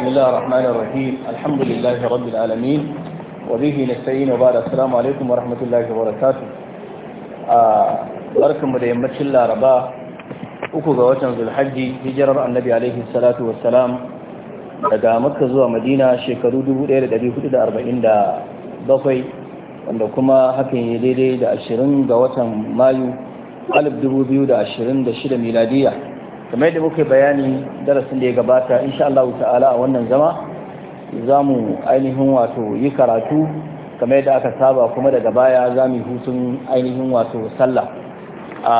بسم الله الرحمن الرحيم الحمد لله رب العالمين وبه نستعين وبعد السلام عليكم ورحمة الله وبركاته barkanmu da yammacin laraba uku ga watan zulhajji hijirar annabi alaihi salatu wassalam daga makka zuwa madina shekaru 1447 wanda kuma hakan ya daidai da 20 ga watan mayu 2026 miladiya kamar yadda muka bayani darasin da ya gabata insha Allah ta'ala a wannan zama za mu ainihin wato yi karatu kamar yadda aka saba kuma daga baya za mu yi hutun ainihin wato sallah a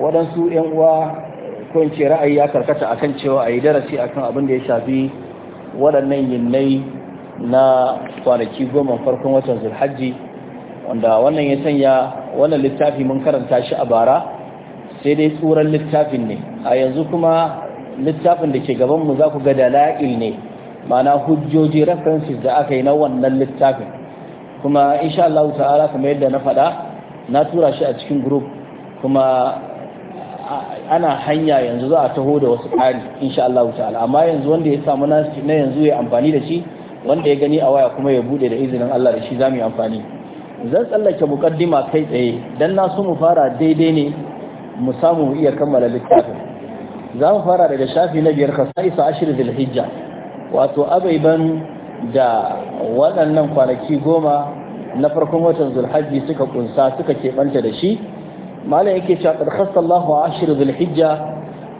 waɗansu 'yan uwa ko ra'ayi ya karkata akan cewa a yi darasi akan abin da ya shafi waɗannan yinnai na kwanaki goma farkon watan zulhajji wanda wannan ya sanya wannan littafi mun karanta shi a bara sai dai tsoron littafin ne a yanzu kuma littafin da ke gabanmu za ku ga dala'il ne mana hujjoji references da aka yi na wannan littafin kuma insha Allah ta'ala kamar yadda na faɗa na tura shi a cikin group kuma ana hanya yanzu za a taho da wasu ƙari insha Allah ta'ala amma yanzu wanda ya samu na yanzu ya amfani da shi wanda ya gani a waya kuma ya bude da izinin Allah da shi za mu yi amfani zan tsallake mukaddima kai tsaye dan na so mu fara daidai ne mu samu mu iya kammala littafin za mu fara daga shafi na biyar kasaisa ashirin zilhijja wato abaiban da waɗannan kwanaki goma na farkon watan zulhajji suka kunsa suka keɓanta da shi malam yake cewa ƙarƙasta Allahu ashir zulhijja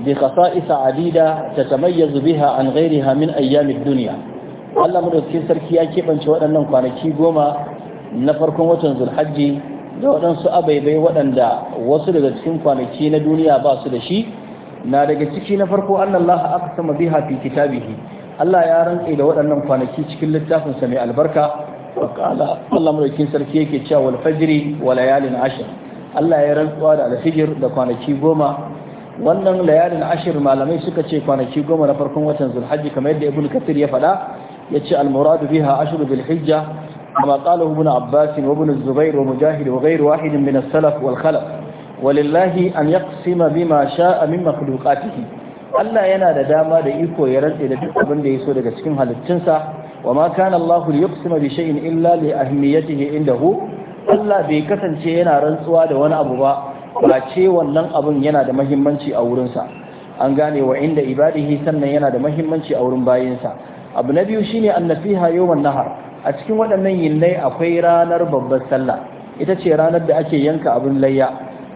bi qasa'isa adida tatamayyazu biha an ghayriha min ayyamid duniya Allah madaukakin sarki ya keɓance waɗannan kwanaki goma na farkon watan zulhajji da waɗansu abaibai waɗanda wasu daga cikin kwanaki na duniya ba su da shi na daga ciki na farko annallaha sama biha fi kitabihi Allah ya rantsa da waɗannan kwanaki cikin littafin sa mai albarka wa qala Allah mulkin sarki yake cewa wal fajri wa layalin ashr Allah ya rantsuwa da alfijir da kwanaki goma wannan layalin ashir malamai suka ce kwanaki goma na farkon watan zulhajji kamar yadda ibnu kathir ya faɗa yace al almuradu biha ashru bil hijja كما قاله ابن عباس وابن الزبير ومجاهد وغير واحد من السلف والخلف ولله أن يقسم بما شاء من مخلوقاته Allah yana da dama da iko ya rantse da duk abin da ya so daga cikin halittunsa wa ma kana Allah liyaqsima bi shay'in illa li ahmiyatihi indahu Allah bai kasance yana rantsuwa da wani abu ba ba ce wannan abun yana da mahimmanci a wurinsa an gane wa inda ibadihi sannan yana da mahimmanci a wurin bayinsa abu na biyu shine annasiha yawman nahar a cikin waɗannan yinnai akwai ranar babbar sallah ita ce ranar da ake yanka abin layya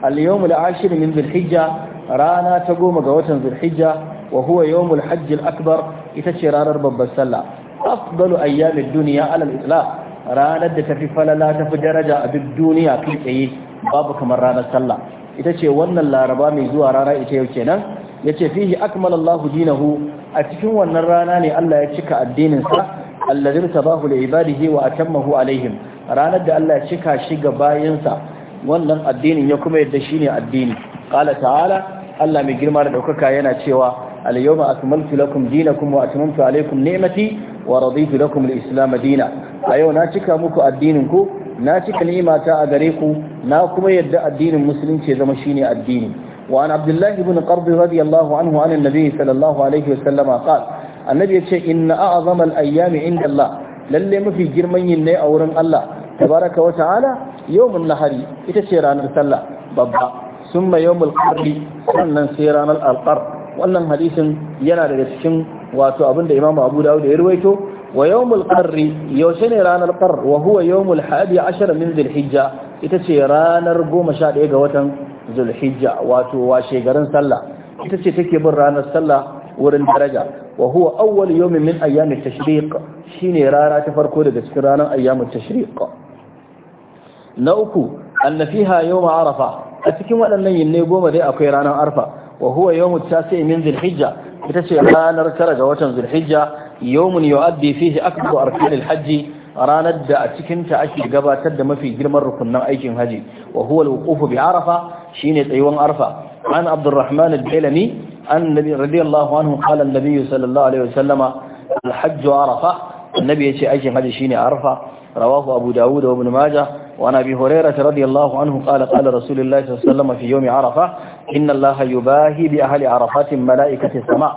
al-yawmul ashir min dhulhijja rana ta goma ga watan dhulhijja wa huwa yawmul hajj al-akbar ita ce ranar babbar sallah afdalu ayyamid dunya ala al-itlaq ranar da tafi falala tafi daraja a duk duniya kai tsaye babu kamar ranar sallah ita ce wannan laraba mai zuwa rana ita yau kenan yace fihi akmalallahu dinahu a cikin wannan rana ne Allah ya cika addinin sa alladhi tabahu li ibadihi wa atammahu alaihim ranar da Allah ya cika shi ga bayansa wannan addinin ya kuma yadda shine addini qala ta'ala Allah mai girma da daukaka yana cewa al-yawma akmaltu lakum dinakum wa atmamtu alaykum ni'mati wa raditu lakum al-islam dina a yau na cika muku addinin ku na cika ni'mata a gare ku na kuma yadda addinin musulunci ya zama shine addini wa an abdullahi ibn qardi radiyallahu anhu an annabi sallallahu alaihi wa sallama annabi ya ce inna a'zamal ayyami inda Allah lalle mafi girman yin ne a wurin Allah tabaraka wa ta'ala yawmun nahari ita ce ranar sallah babba summa yawmul qadri sannan sai ranar alqar wannan hadisin yana daga cikin wato abin da Imam Abu Dawud ya ruwaito wa yawmul qadri yaushe ne ranar qar wa huwa yawmul hadi min dhulhijja ita ce ranar 11 ga watan dhulhijja wato washe garin sallah ita ce take bin ranar sallah wurin daraja Wahuwa huwa awwal min ayyamit tashriq shine rana ta farko daga cikin ranar ayyamut tashriq na uku a nafiha yawm arafa a cikin waɗannan yinne goma dai akwai ranar arfa wahuwa huwa yawmut tasi min zulhijja ita ce ranar tara ga watan zulhijja yawmun yu'addi fihi akbar arkanil hajji ranar da a cikinta ake gabatar da mafi girman rukunnan aikin hajji. wa huwa al-wuqufu bi arafa shine tsayuwan arfa an abdurrahman al-bailami annabi radiyallahu anhu qala annabi sallallahu alaihi wasallama alhajj arafa annabi yace aikin haji shine arafa rawahu abu daud wa ibn majah wa nabi huraira radiyallahu anhu qala qala rasulullahi sallallahu alaihi wasallama fi yawmi arafa inna allaha yubahi bi ahli arafat malaikati sama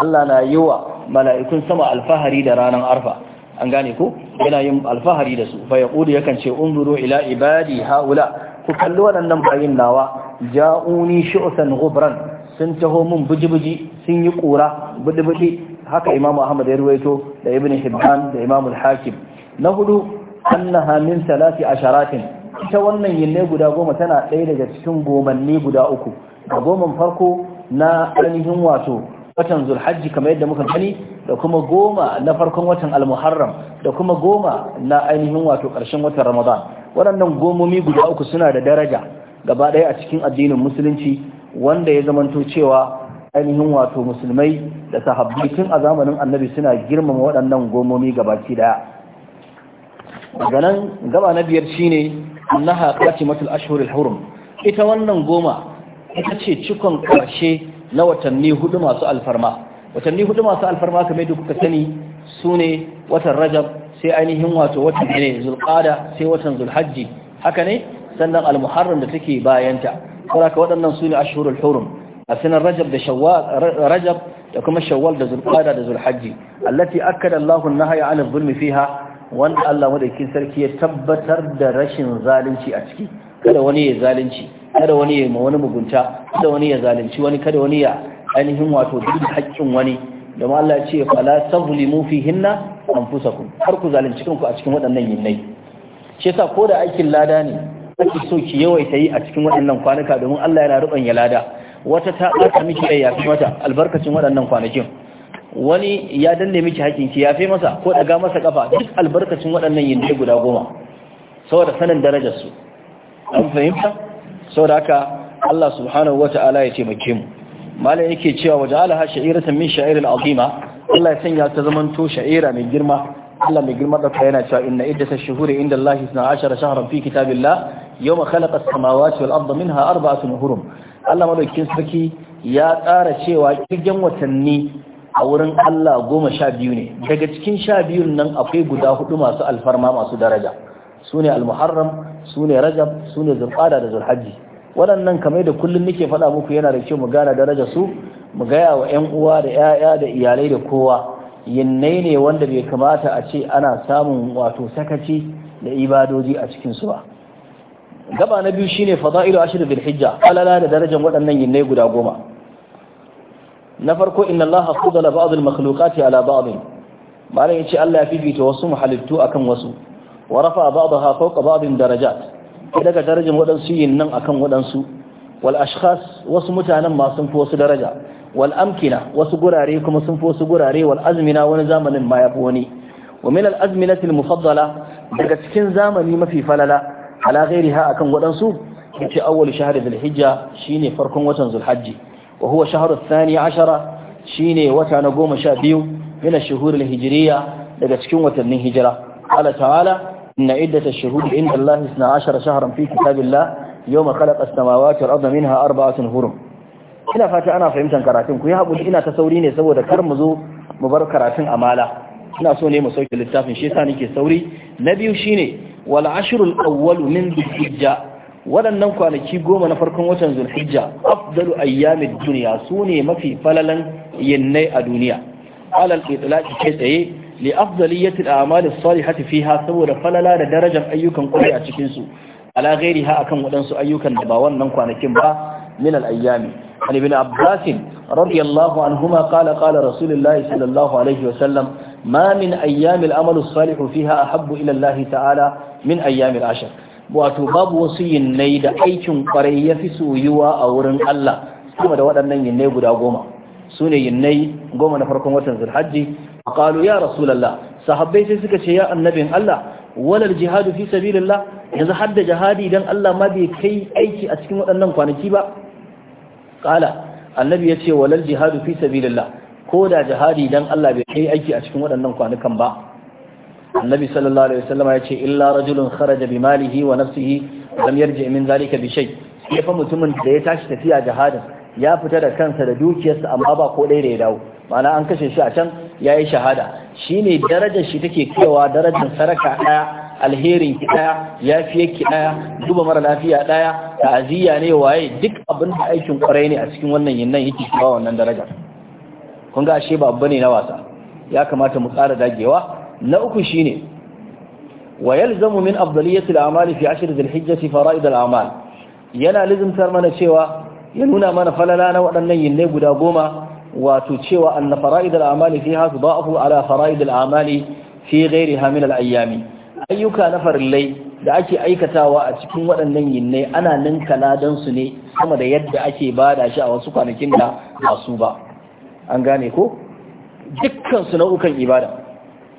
allah na yiwa malaikun sama alfahari da ranan arafa an gane ko yana yin alfahari da su fa yaqulu yakan ce unzuru ila ibadi haula ku kalli waɗannan bayin nawa ja'uni shu'san ghubran sun taho mun buji-buji sun yi ƙura buɗi-buɗi haka imamu ahmad ya ruwaito da ibn hibban da imamu hakim na hudu annaha min salati asharatin ita wannan yinne guda goma tana ɗaya daga cikin gomanni guda uku da goman farko na ainihin wato watan zulhajji kamar yadda muka gani da kuma goma na farkon watan almuharram da kuma goma na ainihin wato ƙarshen watan ramadan waɗannan gomomi guda uku suna da daraja gaba ɗaya a cikin addinin musulunci wanda ya zamanto cewa ainihin wato musulmai da sahabbai tun a zamanin annabi suna girmama waɗannan gomomi gabaki daya daga nan gaba na biyar shine annaha qatimatul ashhuril hurum ita wannan goma ita ce cikon karshe na watanni hudu masu alfarma watanni hudu masu alfarma kamar yadda kuka sani sune watan rajab sai ainihin wato watan ne zulqada sai watan zulhajji haka ne sannan al-muharram da take bayanta saboda waɗannan su ne ashhurul hurum a sanar rajab da shawwal rajab da kuma shawwal da zulqada da zulhajji allati akkada Allahu an-nahya 'ala zulmi fiha wanda Allah madaukin sarki ya tabbatar da rashin zalunci a ciki kada wani ya zalunci kada wani ya wani mugunta kada wani ya zalunci wani kada wani ya ainihin wato duk haƙƙin wani da ma Allah ya ce fala tazlimu fihinna anfusakum har ku zalunci kanku a cikin waɗannan yinnai shi yasa ko da aikin lada ne ake so ki yawaita yi a cikin waɗannan kwanuka domin Allah yana ruban ya lada wata ta ɓata miki rai yafi mata albarkacin waɗannan kwanakin wani ya danne miki hakin ki yafi masa ko daga masa kafa duk albarkacin waɗannan yinde guda goma saboda sanin darajar su an fahimta saboda haka Allah subhanahu wata'ala ya taimake mu malam yake cewa alaha sha'iratan min sha'iril azima Allah ya sanya ta zamanto sha'ira mai girma Allah mai girma da yana cewa inna iddatash shuhuri inda Allah 12 shahran fi kitabillah yawma khalaqa as-samawati wal arda minha arba'atun hurum Allah madaukakin sarki ya ƙara cewa kirgen watanni a wurin Allah goma sha biyu ne daga cikin sha biyun nan akwai guda hudu masu alfarma masu daraja su ne almuharram su ne rajab su ne zulqada da zulhajji waɗannan kamar da kullum nake faɗa muku yana da kyau mu gane daraja su mu gaya wa 'yan uwa da 'ya'ya da iyalai da kowa yinnai ne wanda bai kamata a ce ana samun wato sakaci da ibadoji a cikin su ba gaba na biyu shine fada'ilu ashir bil hijja alala da darajar waɗannan yinnai guda goma na farko inna allaha fadala ba'd al makhluqati ala ba'd malam yace Allah ya fifita wasu muhalittu akan wasu wa rafa ba'daha fawqa ba'd darajat daga darajar waɗansu yinnan akan waɗansu wal ashkhas wasu mutanen ma sun fi wasu daraja wal amkina wasu gurare kuma sun fi wasu gurare wal azmina wani zamanin ma ya fi wani wa min al azminatil mufaddala daga cikin zamani mafi falala ala ghairiha akan wadansu yace awwal shahr zulhijja shine farkon watan zulhajji wa huwa shahr ashara shine wata na goma sha biyu min ash-shuhur al-hijriyya daga cikin watannin hijira ala ta'ala inna iddata ash-shuhur inda Allah 12 shahran fi kitabillah yawma khalaqa as-samawati wal arda minha arba'atun hurum ina fata ana fahimtar karatun ku yi haƙuri ina ta sauri ne saboda kar mu zo mu bar karatun amala ina so ne mu sauke littafin shi yasa nake sauri na biyu shine wal ashrul awwal min dhulhijja waɗannan kwanaki goma na farkon watan zulhijja afdalu ayyamid duniya sune mafi falalan yinnai a duniya alal itlaqi ke tsaye li afdaliyyati al-a'mal as-salihati fiha saboda falala da darajar ayyukan kwarai a cikin su ala ha akan waɗansu ayyukan da ba wannan kwanakin ba min al-ayyami عن ابن عباس رضي الله عنهما قال قال رسول الله صلى الله عليه وسلم ما من أيام الأمل الصالح فيها أحب min ayyamil ashir. wato babu wasu yinnai da aikin kwarai ya fi soyuwa a wurin Allah kuma da waɗannan yinnai guda goma su ne yinnai goma na farkon watan zulhajji a ƙalu ya rasulallah sahabbai sai suka ce ya annabin Allah walar jihadu fi sabilillah yanzu har da jihadi dan Allah ma bai kai aiki a cikin waɗannan kwanaki ba ƙala annabi ya ce walar jihadu fi sabilillah ko da jihadi dan Allah bai kai aiki a cikin waɗannan kwanukan ba annabi sallallahu alaihi ya ce illa rajulun kharaja bi malihi wa nafsihi lam yarji min zalika bi shay sai fa mutumin da ya tashi tafiya jihadin ya fita da kansa da dukiyarsa amma ba ko ɗaya da ya dawo ma'ana an kashe shi a can ya yi shahada shine darajar shi take kaiwa darajar saraka ɗaya alherin ki daya yafiyar ki daya duba mara lafiya daya ta'aziyya ne waye duk abin da aikin kwarai ne a cikin wannan yinnan yake kawo wannan daraja kun ga ashe ba abu ne na wasa ya kamata mu tsara dagewa na uku shine wa yalzamu min afdaliyati al fi ashr dhil-hijjati fara'id al-a'mal yana lizimtar mana cewa ya nuna mana falala na waɗannan yinne guda goma wato cewa anna Amali al-a'mal ba ku ala fara'id Amali amal fi ghayriha hamilar Ayyami. ayyuka na farillai da ake aikatawa a cikin waɗannan yinne ana ninka ladan su ne sama da yadda ake bada shi a wasu kwanakin da ba ba an gane ko dukkan su nau'ukan ibada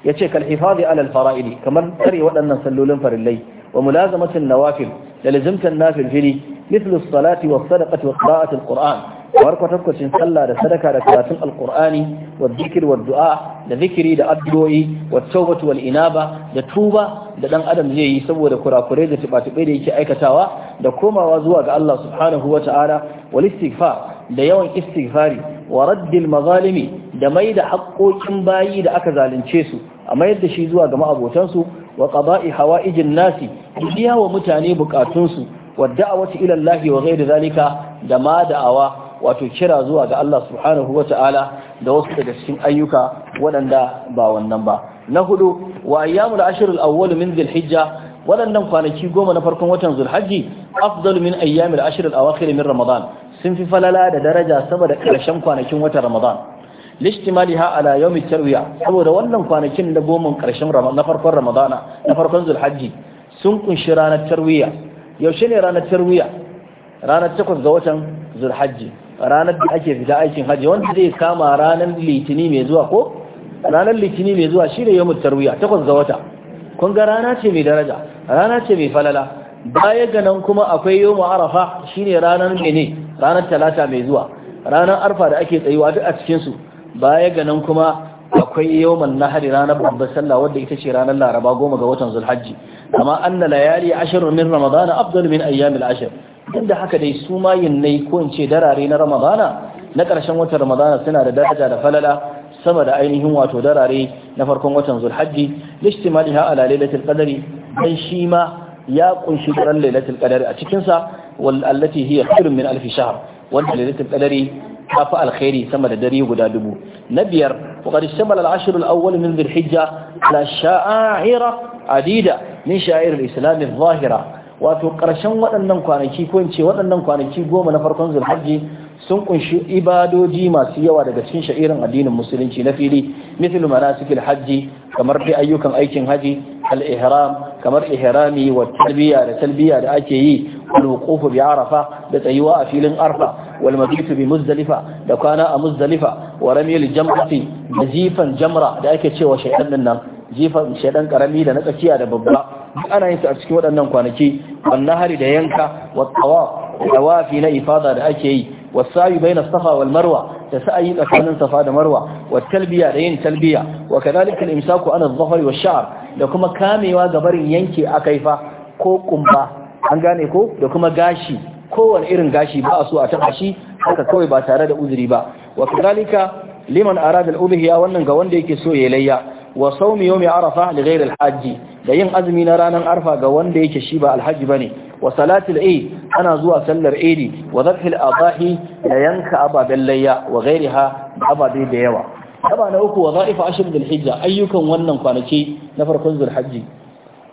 yace kal hifazi ala fara'ili kamar tsare waɗannan sallolin farillai wa mulazamatin nawafil da lazimtan nafil fili mithlu salati wa sadaqati wa qira'ati al qur'an kamar kwatankwacin sallah da sadaka da karatun alkur'ani wa zikir wa du'a da zikiri da addu'o'i wa tawbatu wal inaba da tuba da dan adam zai yi saboda kurakurai da tibatibai da yake aikatawa da komawa zuwa ga Allah subhanahu wa ta'ala wal istighfar da yawan istighfari wa raddil mazalimi da mai da haƙoƙin bayi da aka zalunce su a mayar da shi zuwa ga ma'abotansu wa qada'i hawa'ijin nasi biya wa mutane bukatunsu wa da'awati ila Allah wa ghairi zalika da ma da'awa wato kira zuwa ga Allah subhanahu ta'ala da wasu daga cikin ayyuka waɗanda ba wannan ba na hudu wa ayyamul ashr al-awwal min dhil-hijja waɗannan kwanaki goma na farkon watan zulhajji afdal min ayyamil ashr al-awakhir min ramadan sun fi falala da daraja sama da ƙarshen kwanakin watan ramadan lishtimaliha ala yawmi tarwiya saboda wannan kwanakin da goma karshen na farkon ramadana na farkon zulhajji sun kunshi ranar tarwiya yaushe ne ranar tarwiya ranar takwas ga watan zulhajji ranar da ake fita aikin haji wanda zai kama ranar litini mai zuwa ko ranar litini mai zuwa shine yawmi tarwiya takwas ga wata kun ga rana ce mai daraja rana ce mai falala baya ga nan kuma akwai yawmu arafa shine ranar mene ranar talata mai zuwa ranar arfa da ake tsayuwa duk a cikin su baya ga nan kuma akwai yawman nahari ranar babbar sallah wadda ita ce ranar laraba goma ga watan zulhajji amma anna layali ashirin min ramadana Abdul min ayyamil ashir duk da haka dai su ma yinnai ko in ce darare na ramadana na ƙarshen watan ramadana suna da daraja da falala sama da ainihin wato darare na farkon watan zulhajji ha ala lailatul qadari dan shi ma ya kunshi daren lailatul qadari a cikin sa wal allati hiya khairun min alf shahr wanda lailatul qadari ta fi alkhairi sama da dare guda dubu na biyar waƙar shamal al'ashirul awwal min zulhijja la sha'ira adida min islam islamin zahira wato ƙarshen waɗannan kwanaki ko in ce waɗannan kwanaki goma na farkon zulhajji sun kunshi ibadoji masu yawa daga cikin sha'irin addinin musulunci na fili mithlu manasikil hajji kamar da ayyukan aikin haji al-ihram kamar ihrami wa talbiya da talbiya da ake yi wal wuqufu bi arafa da tsayuwa a filin arfa wal mabitu bi muzdalifa da kwana a muzdalifa wa ramil jam'ati da jifan jamra da ake cewa shaydan din nan jifan shaydan karami da na tsakiya da babba duk ana yin su a cikin waɗannan kwanaki wannan hari da yanka wa tawaf wafi na ifada da ake yi wasa'i bayna safa wal marwa da sa'ayi tsakanin safa da marwa wa talbiya da yin talbiya wa kadhalika al imsaku an wa sha'ar da kuma kamewa ga barin yanke akaifa ko kumba an gane ko da kuma gashi kowane irin gashi ba a so a taba shi haka kawai ba tare da uzuri ba wa kadhalika liman arada al-udhiya wannan ga wanda yake so ya layya wa sawmi yawmi arafa li ghayr al-hajji da yin azumi na ranar arfa ga wanda yake shi ba alhaji ba ne. wa salatul aid ana zuwa sallar eid wa dhafil adahi da yanka ababen layya wa da ababe da yawa daba na uku wadha'ifa ashr dhul hijja ayyukan wannan kwanaki na farkon dhul hajji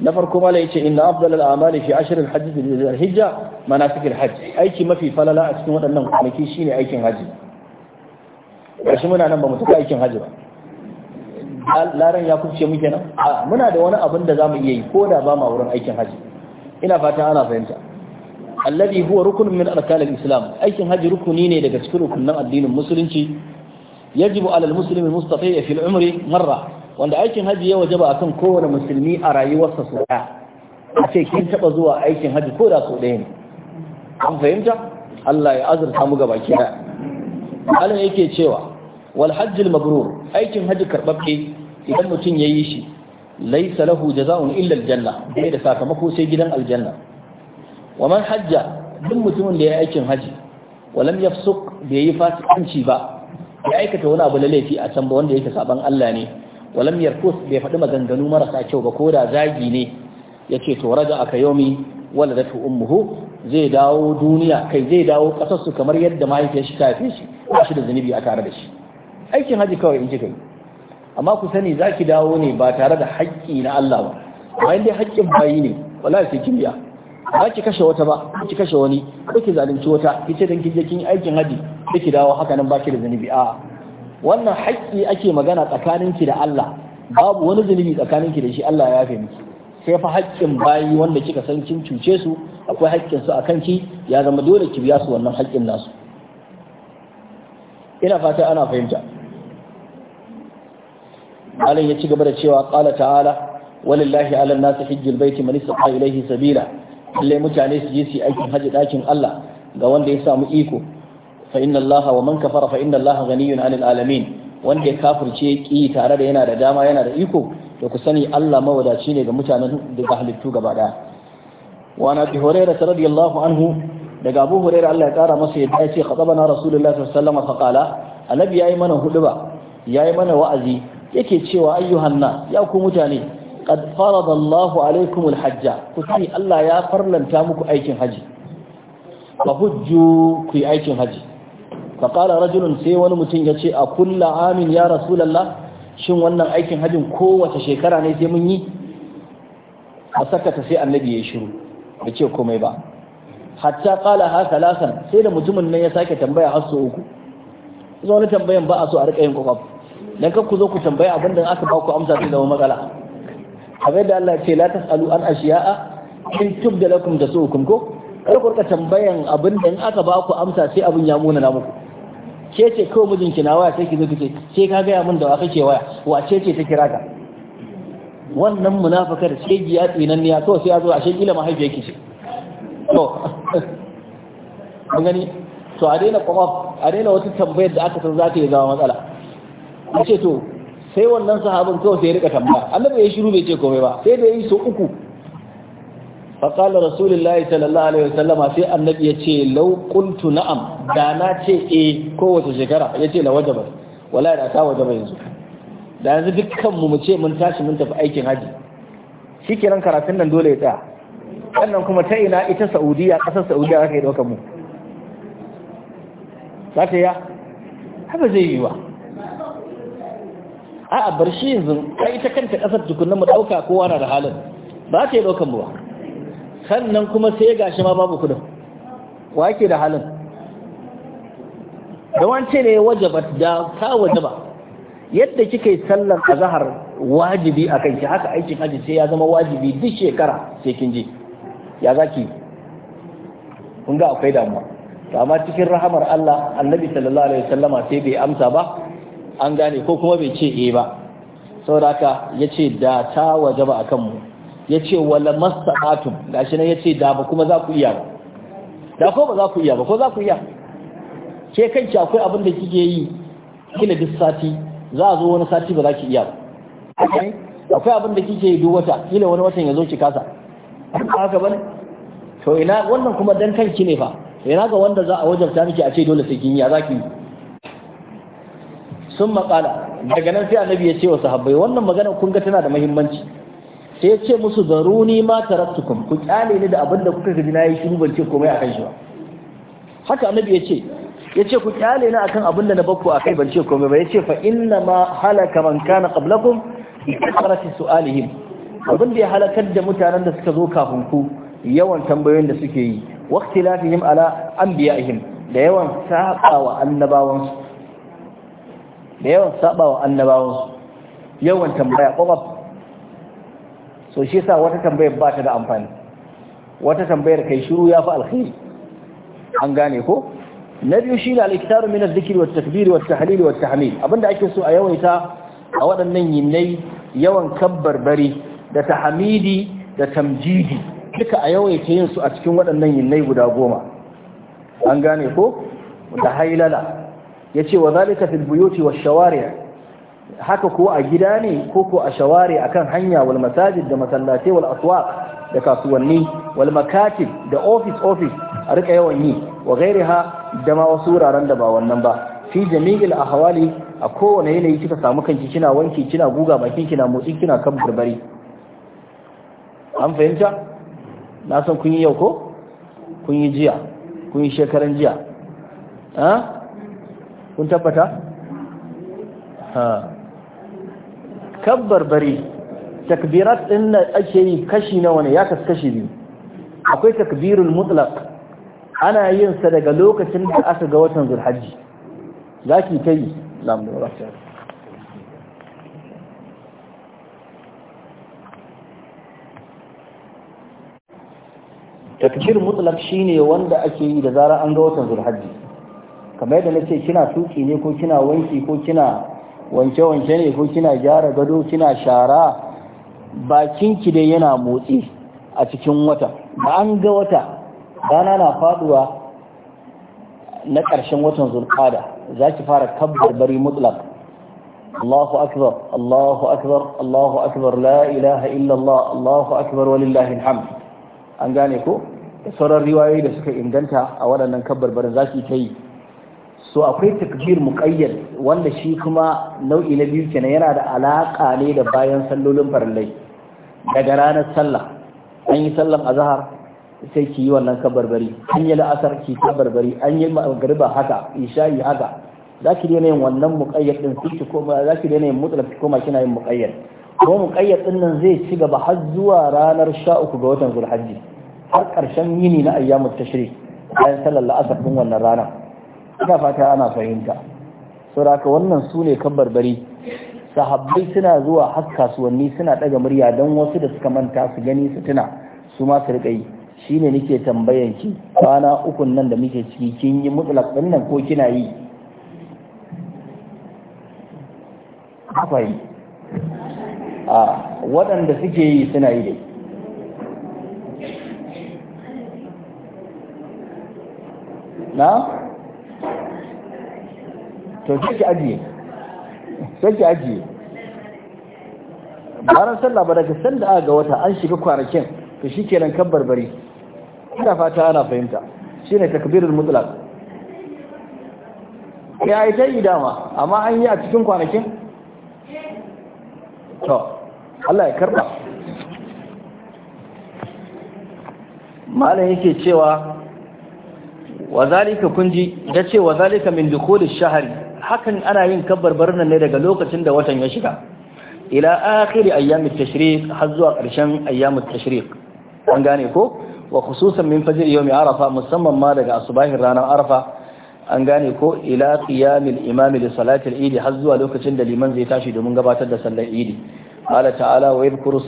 na farko mala yace inna afdalal a'mali fi ashr al hajj dhul hijja manasik al hajj aiki mafi falala a cikin waɗannan kwanaki shine aikin hajji. haji kashi muna nan ba mu tuka aikin hajji ba laran ya kuce muke nan a muna da wani abin da zamu iya yi ko da ba ma wurin aikin haji ina fata ana fahimta alladhi huwa rukunun min arkanil islam aikin haji rukuni ne daga cikin rukunin addinin musulunci yajibu alal muslimi fi al umri marra wanda aikin haji ya wajaba akan kowane musulmi a rayuwarsa su daya a ce kin taba zuwa aikin haji ko da sau ne an fahimta Allah ya azurta mu gaba ki da Allah yake cewa wal hajjul mabrur aikin haji karbabbe idan mutum ya yi shi laysa lahu jazaa'un illa aljanna bai da sakamako sai gidan aljanna wa man hajja duk mutumin da ya aikin haji walam yafsuq bai yi fasikanci ba ya aikata wani abu na laifi a can ba wanda yake saban Allah ne walam yarkus bai faɗi maganganu marasa kyau ba ko da zagi ne yace to raja aka yomi waladatu ummuhu zai dawo duniya kai zai dawo kasarsu kamar yadda mahaifiyar shi ta shi ba shi da zunubi a tare da shi aikin haji kawai in kika yi amma ku sani za ki dawo ne ba tare da haƙƙi na Allah ba amma inda haƙƙin bayi ne wallahi sai kimiya ba ki kashe wata ba ki kashe wani ko ki zalunci wata ki ce dan ki je kin yi aikin haji ki dawo haka nan baki da zunubi a wannan haƙƙi ake magana tsakanin ki da Allah babu wani tsakanin ki da shi Allah ya yafe miki sai fa haƙƙin bayi wanda kika san kin cuce su akwai haƙƙin su akan ki ya zama dole ki biya su wannan haƙƙin nasu ina fata ana fahimta malam ya ci gaba da cewa qala ta'ala walillahi ala nasi hajjul baiti man istata ilayhi sabila lalle mutane su je su aikin haji dakin Allah ga wanda ya samu iko fa inna Allah wa man kafara fa inna Allah ghaniyun 'anil alamin wanda ya kafirce ki tare da yana da dama yana da iko to ku sani Allah mawadaci ne ga mutanen da halittu gaba daya wa na bi hurairah radiyallahu anhu daga Abu Hurairah Allah ya kara masa yadda ce khatabana Rasulullahi sallallahu alaihi wasallam fa qala annabi yayi mana huduba yayi mana wa'azi yake cewa ayyuhan ya ku mutane qad farada Allahu alaikum alhajja ku sani Allah ya farlanta muku aikin haji fa hujju ku yi aikin haji fa qala rajulun sai wani mutum ya ce a kullu amin ya rasulullah shin wannan aikin hajin kowace shekara ne sai mun yi a sakata sai annabi ya shiru bai ce komai ba hatta qala ha salasan sai da mutumin nan ya sake tambaya har uku zo wani tambayan ba a so a rika yin kwakwaf dan kar ku zo ku tambayi abin da aka ba ku amsa ta wani matsala kamar da Allah ce la tasalu an ashiya'a in tubda lakum tasukum ko kar ku rika tambayan abin da aka ba ku amsa sai abin ya muna muku ke ce kawai mijinki na waya sai ki zo ki ce sai ka gaya min da wa kake waya wace ce ta kira ka wannan munafakar sai giya niya to sai ya zo shi kila mahaifiyar ki ce to kun gani to a daina kuma a daina wata tambayar da aka san za ta yi zama matsala ce to sai wannan sahabin kawai sai ya rika tambaya annabi ya shiru bai ce komai ba sai da yi so uku faƙalar qala rasulullahi sallallahu alaihi wasallama sai annabi ya ce law na'am da na ce e kowace shekara ya ce la wajaba wallahi da ta wajaba yanzu da yanzu dukkanmu mu ce mun tashi mun tafi aikin haji shikenan karatun nan dole ya tsaya sannan kuma ta ina ita Saudiyya ƙasar Saudiyya za ka yi ɗaukar mu za ta yi ya haka zai yi wa a'a bar shi yanzu a ita kanta kasar tukunna mu dauka kowa na da halin ba ta yi daukan ba sannan kuma sai ya gashi ma babu kudin wa ke da halin da wance ne wajaba da ta wajaba yadda kika yi sallar azahar wajibi a kanki haka aikin haji sai ya zama wajibi duk shekara sai kin je ya zaki kun ga akwai damuwa amma cikin rahamar Allah annabi sallallahu alaihi wasallama sai bai amsa ba an gane ko kuma bai ce eh ba saboda haka yace da ta wajaba akan mu yace wala mastata'tum gashi nan yace da ba kuma za ku iya ba da ko ba za ku iya ba ko za ku iya ke kanki akwai abin da kike yi kila duk sati za a zo wani sati ba za ki iya ba akwai abin da kike yi duk wata kila wani watan ya zo ki kasa haka bane to ina wannan kuma dan kanki ne fa ina ga wanda za a wajabta miki a ce dole sai kin yi za ki yi sun maƙala daga nan sai annabi ya ce wa sahabbai wannan magana kun ga tana da muhimmanci sai ya ce musu zaruni ma taraktukum ku kyale ni da abin da kuka gaji na shiru ban ce komai akan shi ba haka annabi ya ce ya ce ku kyale ni akan abin da na bakku akai ban ce komai ba ya ce fa inna ma halaka man kana qablakum bi kasrati su'alihim abin da ya halakar da mutanen da suka zo kafin ku yawan tambayoyin da suke yi waqtilafihim ala anbiya'ihim da yawan wa annabawansu da yawan saba wa annabawansu yawan tambaya ƙwaƙwaf so shi sa wata tambayar ba ta da amfani wata tambayar kai shiru ya fi alkhairi an gane ko na biyu shi ne al'ikitaru min al-zikiri wa takbiri wa tahlili wa tahmil abinda ake so a yawaita a waɗannan yinnai yawan kabbar bari da tahmidi da tamjidi duka a yawaita yin su a cikin waɗannan yinnai guda goma an gane ko da hailala Ya ce wa zalika fil buyuti wa shawari' haka ko a gida ne ko ko a shawari a kan hanya wal masajid da masallatai wal aswaq da kasuwanni wal makatib da ofis office a rika yawan yi wa ha da ma wasu wuraren da ba wannan ba fi jami'il ahwali a kowane yanayi kika samu kanki kina wanki kina guga bakin kina motsi kina kan barbari an fahimta na san kun yi yau ko kun yi jiya kun yi shekaran jiya kun tabbata ha kabbar bari takbirat ɗin ake yi kashi na wani ya kashi biyu akwai takbirul mutlaq ana yin sa daga lokacin da aka ga watan zulhajji zaki kai takbir mutlaq shine wanda ake yi da zarar an ga watan zulhajji kamar yadda ce kina tuki ne ko kina wanki ko kina wanke-wanke ne ko kina gyara gado kina shara bakinki dai yana motsi a cikin wata da an ga wata rana na faduwa na ƙarshen watan zulqada zaki fara kabbar bari mutlaq Allahu akbar Allahu akbar Allahu akbar la ilaha illallah Allahu akbar walillahi alhamd an gane ko da sauran riwayoyi da suka inganta a waɗannan kabbar barin zaki ta yi so akwai takbir muƙayyad wanda shi kuma nau'i na biyu kenan yana da alaƙa ne da bayan sallolin farallai? daga ranar sallah an yi sallan azhar sai ki yi wannan kabarbari an yi la'asar ki kabarbari an yi magriba haka isha'i haka zaki daina yin wannan muƙayyad din sai ki koma zaki daina yin mutlaq ki koma kina yin muƙayyad kuma muƙayyad din nan zai ci gaba har zuwa ranar 13 ga watan Zulhijja har ƙarshen yini na ayyamut tashrik bayan sallar la'asar din wannan ranar ina fata ana fahimta saboda wannan sune ne kan barbari sahabbai suna zuwa har kasuwanni suna daga murya don wasu da suka manta su gani su tuna su ma su riƙa yi shine nake tambayan ki kwana ukun nan da muke ciki kin yi mutlaq din nan ko kina yi akwai a waɗanda suke yi suna yi dai na to sai ki ajiye sai ki ajiye bayan sallah ba daga sanda aka ga wata an shiga kwanakin to shikenan kan barbari ina fata ana fahimta shine takbirul mutlaq ya yi ta yi dama amma an yi a cikin kwanakin to Allah ya karba malam yake cewa wa zalika kunji da ce wa zalika min dukhulish shahri hakan ana yin kabbar barnan ne daga lokacin da watan ya shiga ila akhiri ayyamit tashriq har zuwa ƙarshen ayyamit tashriq an gane ko wa khususan min fajr yawmi arafa musamman ma daga asubahin ranar arafa an gane ko ila qiyamil imami li salatil idi har zuwa lokacin da liman zai tashi domin gabatar da sallar idi qala ta'ala wa yadhkuru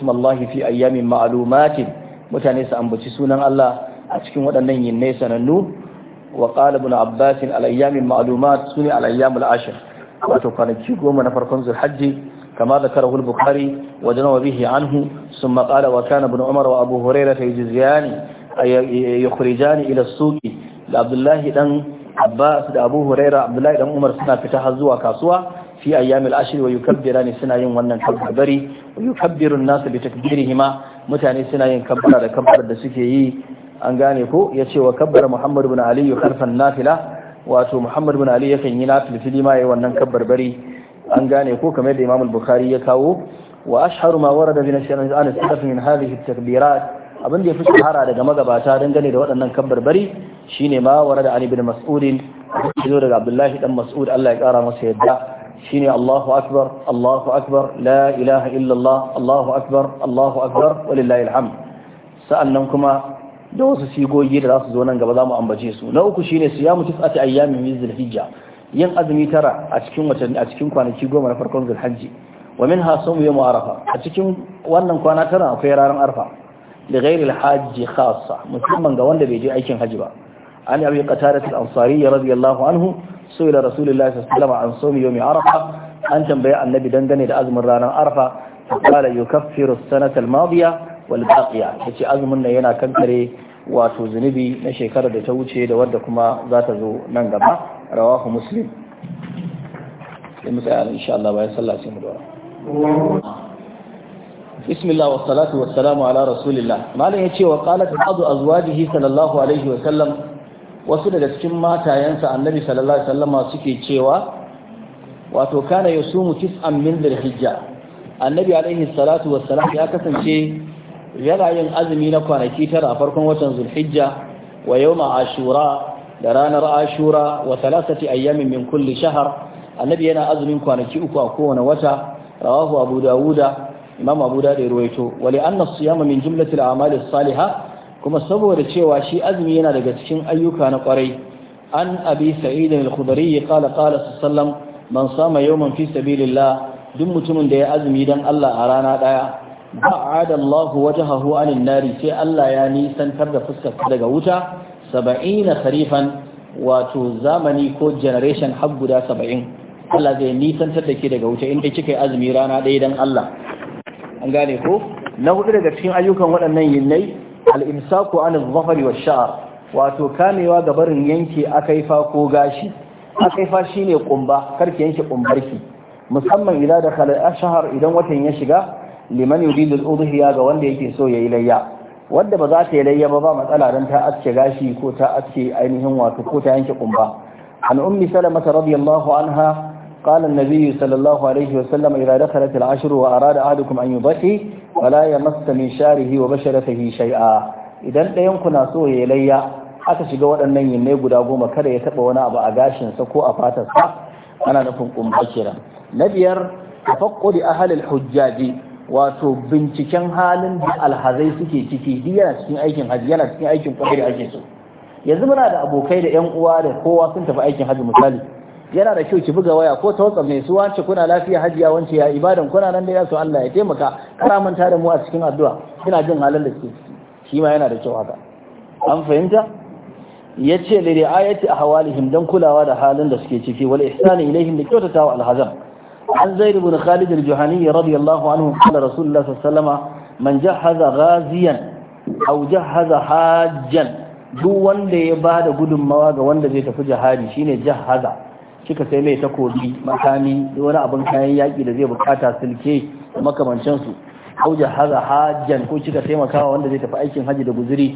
fi ayyamin ma'lumatin mutane su ambaci sunan Allah a cikin waɗannan yinne sanannu wa qala ibn abbas al ayyam al ma'lumat sunni ashir wato kwanaki goma na farkon zulhajji kama zakarahu al bukhari wa janawa bihi anhu ثم قال وكان umar عمر وابو هريره يجزيان يخرجان الى السوق لعبد الله بن عباس da Abu Huraira Abdullahi dan Umar suna fita har zuwa kasuwa fi ayyamil ashr wa ne suna yin wannan kabbari wa yukabbiru an-nas bi takbirihima mutane suna yin kabbara da kabbar da suke yi an gane ko ya ce wa kabbar muhammad bin ali harfan nafila wato muhammad bin ali yakan yi nafil fili ma yayi wannan bari an gane ko kamar da imamul bukhari ya kawo wa ashharu ma warada bi nashran an salaf min hadhihi at-takbirat abin da yafi shahara daga magabata dangane da waɗannan bari shine ma warada ali bin mas'ud zo daga abdullahi dan mas'ud Allah ya kara masa yadda shine Allahu akbar Allahu akbar la ilaha illa Allah Allahu akbar Allahu akbar walillahi alhamd sa'annan kuma da wasu sigogi da za su zo nan gaba za mu ambace su na uku shine su ya mu tis'ati ayyamin min zulhijja yin azumi tara a cikin a cikin kwanaki goma na farkon zulhajji wa minha sawmu yawm arafa a cikin wannan kwana tara akwai ranar arfa li ghairi al-hajji khassa musamman ga wanda bai je aikin haji ba an abi qatadah al-ansari radiyallahu anhu su'ila rasulullahi sallallahu alaihi wasallam an sawmi yawm arafa an tambaya annabi dangane da azumin ranar arfa فقال يكفر السنة الماضية wal baqiya yace azumin nan yana kankare wato zunubi na shekarar da ta wuce da wadda kuma za ta zo nan gaba rawahu muslim sai mu tsaya insha Allah bayan sallah sai mu dora bismillah wa salatu wa salamu ala rasulillah malam yace wa qalat azwajihi sallallahu alaihi wa sallam wasu daga cikin matayensa annabi sallallahu alaihi wasallama suke cewa wato kana yasumu tis'an min annabi alaihi salatu wa salam ya kasance yana yin azumi na kwanaki tara a farkon watan zulhijja wa yawma ashura da ranar ashura wa thalathati ayyamin min kulli shahar annabi yana azumin kwanaki uku a kowane wata rawahu abu dawuda imam abu dawud ya ruwaito wa li anna siyama min jumlatil a'mali salihah kuma saboda cewa shi azumi yana daga cikin ayyuka na kwarai an abi sa'id al-khudri qala qala sallam man sama yawman fi sabilillah duk mutumin da ya azumi dan Allah a rana daya ba'ada Allahu wajhahu 'anil nari sai Allah ya nisantar da fuskar daga wuta 70 kharifan wato zamani ko generation har guda 70 Allah zai nisantar da ke daga wuta inda kika yi azumi rana ɗaya dan Allah an gane ko na hudu daga cikin ayyukan waɗannan yinnai al-imsaku 'anil dhafari wash-sha'r wato kamewa ga barin yanke akaifa ko gashi akaifa shine kumba karki yanke kumbarki musamman idan da khala ashhar idan watan ya shiga liman yuridu al-udhiya ga wanda yake so yayi layya wanda ba za ta yi layya ba ba matsala dan ta aske gashi ko ta aske ainihin wato ko ta yanke kumba an ummi salama radiyallahu anha قال النبي صلى الله عليه وسلم إذا دخلت العشر وأراد أحدكم أن يضحي فلا يمس من شاره وبشرته شيئا idan ɗayan ku na so ya layya aka shiga waɗannan yinne guda goma kada ya taɓa wani abu a gashinsa ko a fatarsa ana nufin kumba kira na biyar tafaqqudi ahlil hujjaji wato binciken halin da alhazai suke ciki duk yana cikin aikin hajji yana cikin aikin kwarai ake so yanzu muna da abokai da yan uwa da kowa sun tafi aikin hajji misali yana da kyau ki buga waya ko ta WhatsApp mai su wance kuna lafiya hajiya wance ya ibadan kuna nan da ya so Allah ya taimaka kana manta da mu a cikin addu'a ina jin halin da suke shi ma yana da kyau haka an fahimta yace a hawa ahwalihim dan kulawa da halin da suke ciki wal ihsani ilaihim da kyautatawa alhazan عن زيد بن خالد الجهني رضي الله عنه قال رسول الله صلى الله عليه وسلم من جهز غازيا أو جهز حاجا duk wanda ya ba da gudunmawa ga wanda zai tafi jihadi shine jahaza kika sai mai takobi makami da wani abin kayan yaƙi da zai bukata silke makamancin su ko jahaza hajjan ko kika taimakawa wanda zai tafi aikin haji da guzuri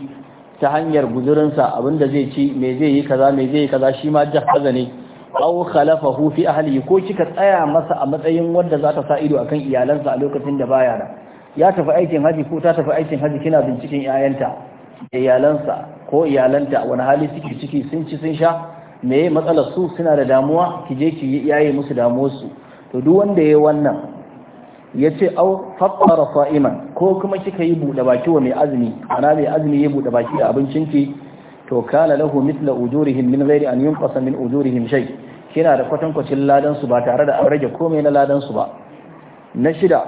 ta hanyar guzurinsa abinda zai ci me zai yi kaza me zai yi kaza shi ma jahaza ne aw khalafahu fi ahlihi ko kika tsaya masa a matsayin wanda za ta sa ido akan iyalansa a lokacin da baya da ya tafi aikin haji ko ta tafi aikin haji kina binciken iyayenta da iyalansa ko iyalanta wani hali suke ciki sun ci sun sha meye matsalar su suna da damuwa ki je ki yaye musu damuwar su to duk wanda yayi wannan yace au fattara sa'iman ko kuma kika yi buɗe baki wa mai azumi ana mai azumi ya buɗe baki da abincin ki to kana lahu mithla ujurihim min ghairi an yunqasa min ujurihim shay kina da kwatankwacin ladan su ba tare da an rage komai na ladan su ba na shida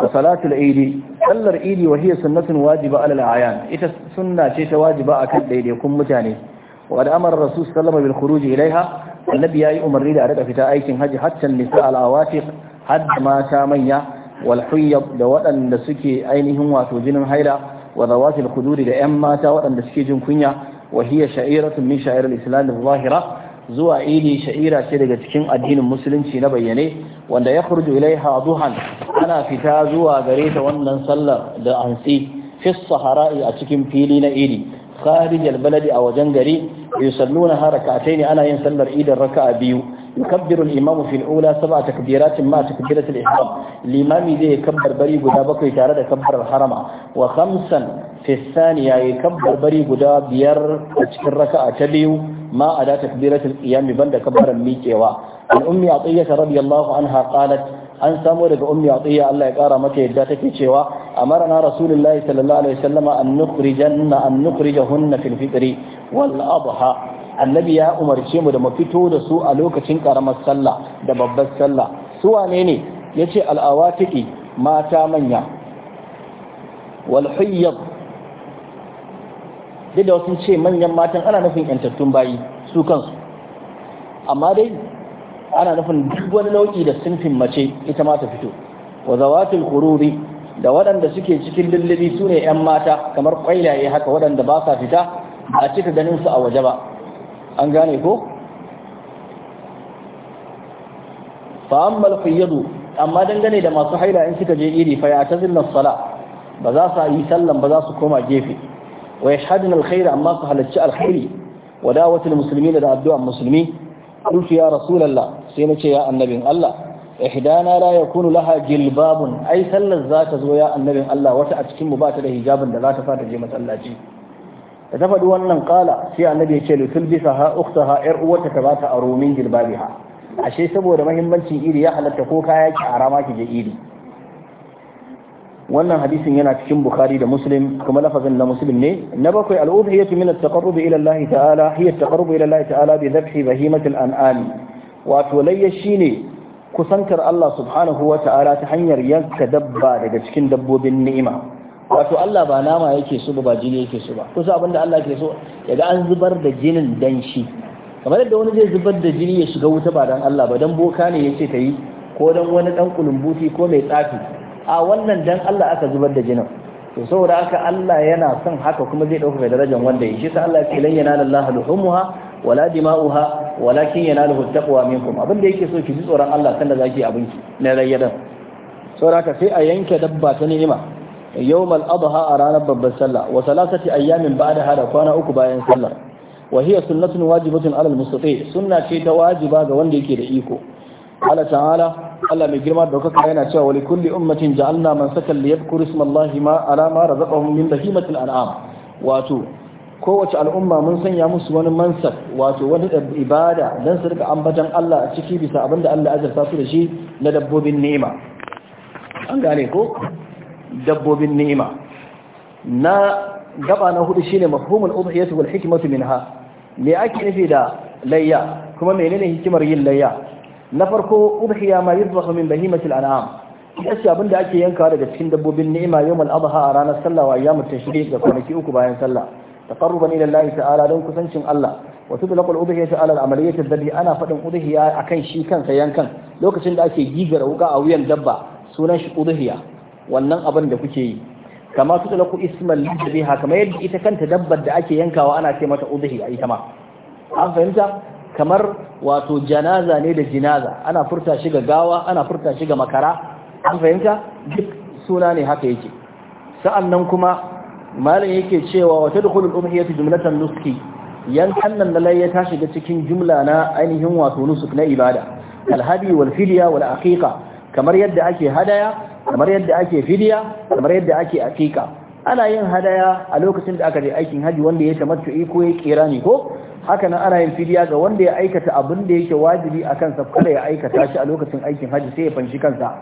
da salatul idi sallar idi wa hiya sunnatun wajiba ala al-ayan ita sunna ce ta wajiba akan daidaikun mutane wa da amara rasul sallama bil khuruj ilaiha annabi yayi umarni da a rika fita aikin haji hatta nisa al-awatiq hadda mata manya wal da waɗanda suke ainihin wato jinin haila wa zawatil da 'yan mata waɗanda suke jin kunya wa hiya sha'iratun min sha'ir al-islam zahira zuwa idi sha'ira ce daga cikin addinin musulunci na bayyane wanda ya khurju ilaiha duhan ana fita zuwa gareta wannan sallar da ansi fi sahara'i a cikin fili na idi kharij al-baladi a wajen gari yusalluna ne ana yin sallar idin raka'a biyu يكبر الإمام في الأولى سبع تكبيرات مع تكبيرة الإحرام الإمام ذي يكبر بري قدا بكي تارد كبر الحرم وخمسا في الثانية يكبر بري قدا بير أشكر ركعة تبيو ما أدى تكبيرة القيام بند كبر الميكيوا عن أم عطية رضي الله عنها قالت an samu daga ummi atiya Allah ya kara mata yadda take cewa amarna rasulullahi sallallahu alaihi wasallama an nukhrijanna an nukhrijahunna fil fitri wal adha annabi ya umarce mu da mu fito da su a lokacin karamar sallah da babbar sallah su wane ne yace al'awatiki mata manya wal hayyab duk da wasu ce manyan matan ana nufin yantattun bayi su kansu amma dai ana nufin duk wani nau'i da sinfin mace ita ma ta fito wa zawatul qururi da waɗanda suke cikin lullubi sune ne 'yan mata kamar ƙwailaye haka waɗanda ba sa fita ba a cika ganin su a waje ba an gane ko fa'ammal fayyadu amma dangane da masu haila in suka je iri fa ya ta zinar sala ba za su yi sallan ba za su koma gefe wa ya shahadin alkhairi amma su halarci alkhairi wa dawatul musulmi da addu'a musulmi kulfi ya rasulallah sai na ce ya annabin allah hidana la kunu laha jilbabun ai sallar za ta zo ya annabin allah wata a cikin mu ba ta da hijabin da za ta sa je masallaci da ta faɗi wannan kala sai annabi ya ce lutul bisa ha ukhtaha yar uwarta ta bata aro min jilbabiha ashe saboda mahimmancin iri ya halatta ko kaya ki arama ki je iri wannan hadisin yana cikin bukhari da muslim kuma lafazin na muslim ne na bakwai al'udhiyatu min at-taqarrub ila Allah ta'ala hiya at-taqarrub ila Allah ta'ala bi dhabhi bahimati al-an'am wato layya shine kusantar Allah subhanahu wa ta'ala ta hanyar yanka dabba daga cikin dabbobin ni'ima wato Allah ba nama yake so ba jini yake so ba kusa abinda Allah ke so yaga an zubar da jinin dan shi kamar yadda wani zai zubar da jini ya shiga wuta ba dan Allah ba dan boka ne yace ta yi ko dan wani dan kulumbuti ko mai tsafi a wannan dan Allah aka zubar da jinin to saboda haka Allah yana son haka kuma zai dauka darajar wanda ya shi sa Allah ke lan yana Allah luhumha wala dima'uha walakin yanaluhu taqwa minkum abin yake so ki ji tsoron Allah sanda zaki abinki na rayyadan saboda haka sai a yanke dabba ta ni'ima yawmal adha a ranar babbar sallah wa salasati ayyamin ba'da hada kwana uku bayan Sallah. wa hiya sunnatun wajibatun alal mustati sunna ce ta wajiba ga wanda yake da iko Allah ta'ala Allah mai girma da kuka yana cewa wa likulli ummatin ja'alna man sakan li yadhkuru ismallahi ma ala ma razaqahum min bahimatil an'am wato kowace al'umma mun sanya musu wani mansab wato wani ibada dan su rika ambatan Allah a ciki bisa abinda Allah ya azurta su da shi na dabbobin nema an gane ko dabbobin ni'ima na gaba na hudu shine mafhumul udhiyatu wal hikmatu minha me ake nufi da layya kuma menene hikimar yin layya na farko udhiya ma yudhahu min bahimatil an'am yace abin da ake yankawa daga cikin dabbobin ni'ima yawmal adha a ranar sallah wa ayyamut tashriq da kwanaki uku bayan sallah taqarruban ila Allah ta'ala don kusancin Allah wa tudlaqul udhiyatu ala al-amaliyyati alladhi ana fadin udhiya akan shi kansa yankan lokacin da ake gigar wuka a wuyan dabba sunan shi udhiya wannan abin da kuke yi kama su tsalaku isman lidriha kamar yadda ita kanta dabbar da ake yankawa ana ce mata udhi a ita ma an fahimta kamar wato janaza ne da jinaza ana furta shi ga gawa ana furta shi ga makara an fahimta duk suna ne haka yake sa'annan kuma malam yake cewa wa tadkhulul udhiyatu jumlatan nuski yankan nan lalai ya tashi ga cikin jumla na ainihin wato nusuk na ibada alhadi wal fidiya, wal aqiqa kamar yadda ake hadaya kamar yadda ake fidiya kamar yadda ake akika ana yin hadaya a lokacin da aka je aikin haji wanda ya tamattu ko ya kira ni ko haka nan ana yin fidiya ga wanda ya aikata abin da yake wajibi a kansa kada ya aikata shi a lokacin aikin haji sai ya fanshi kansa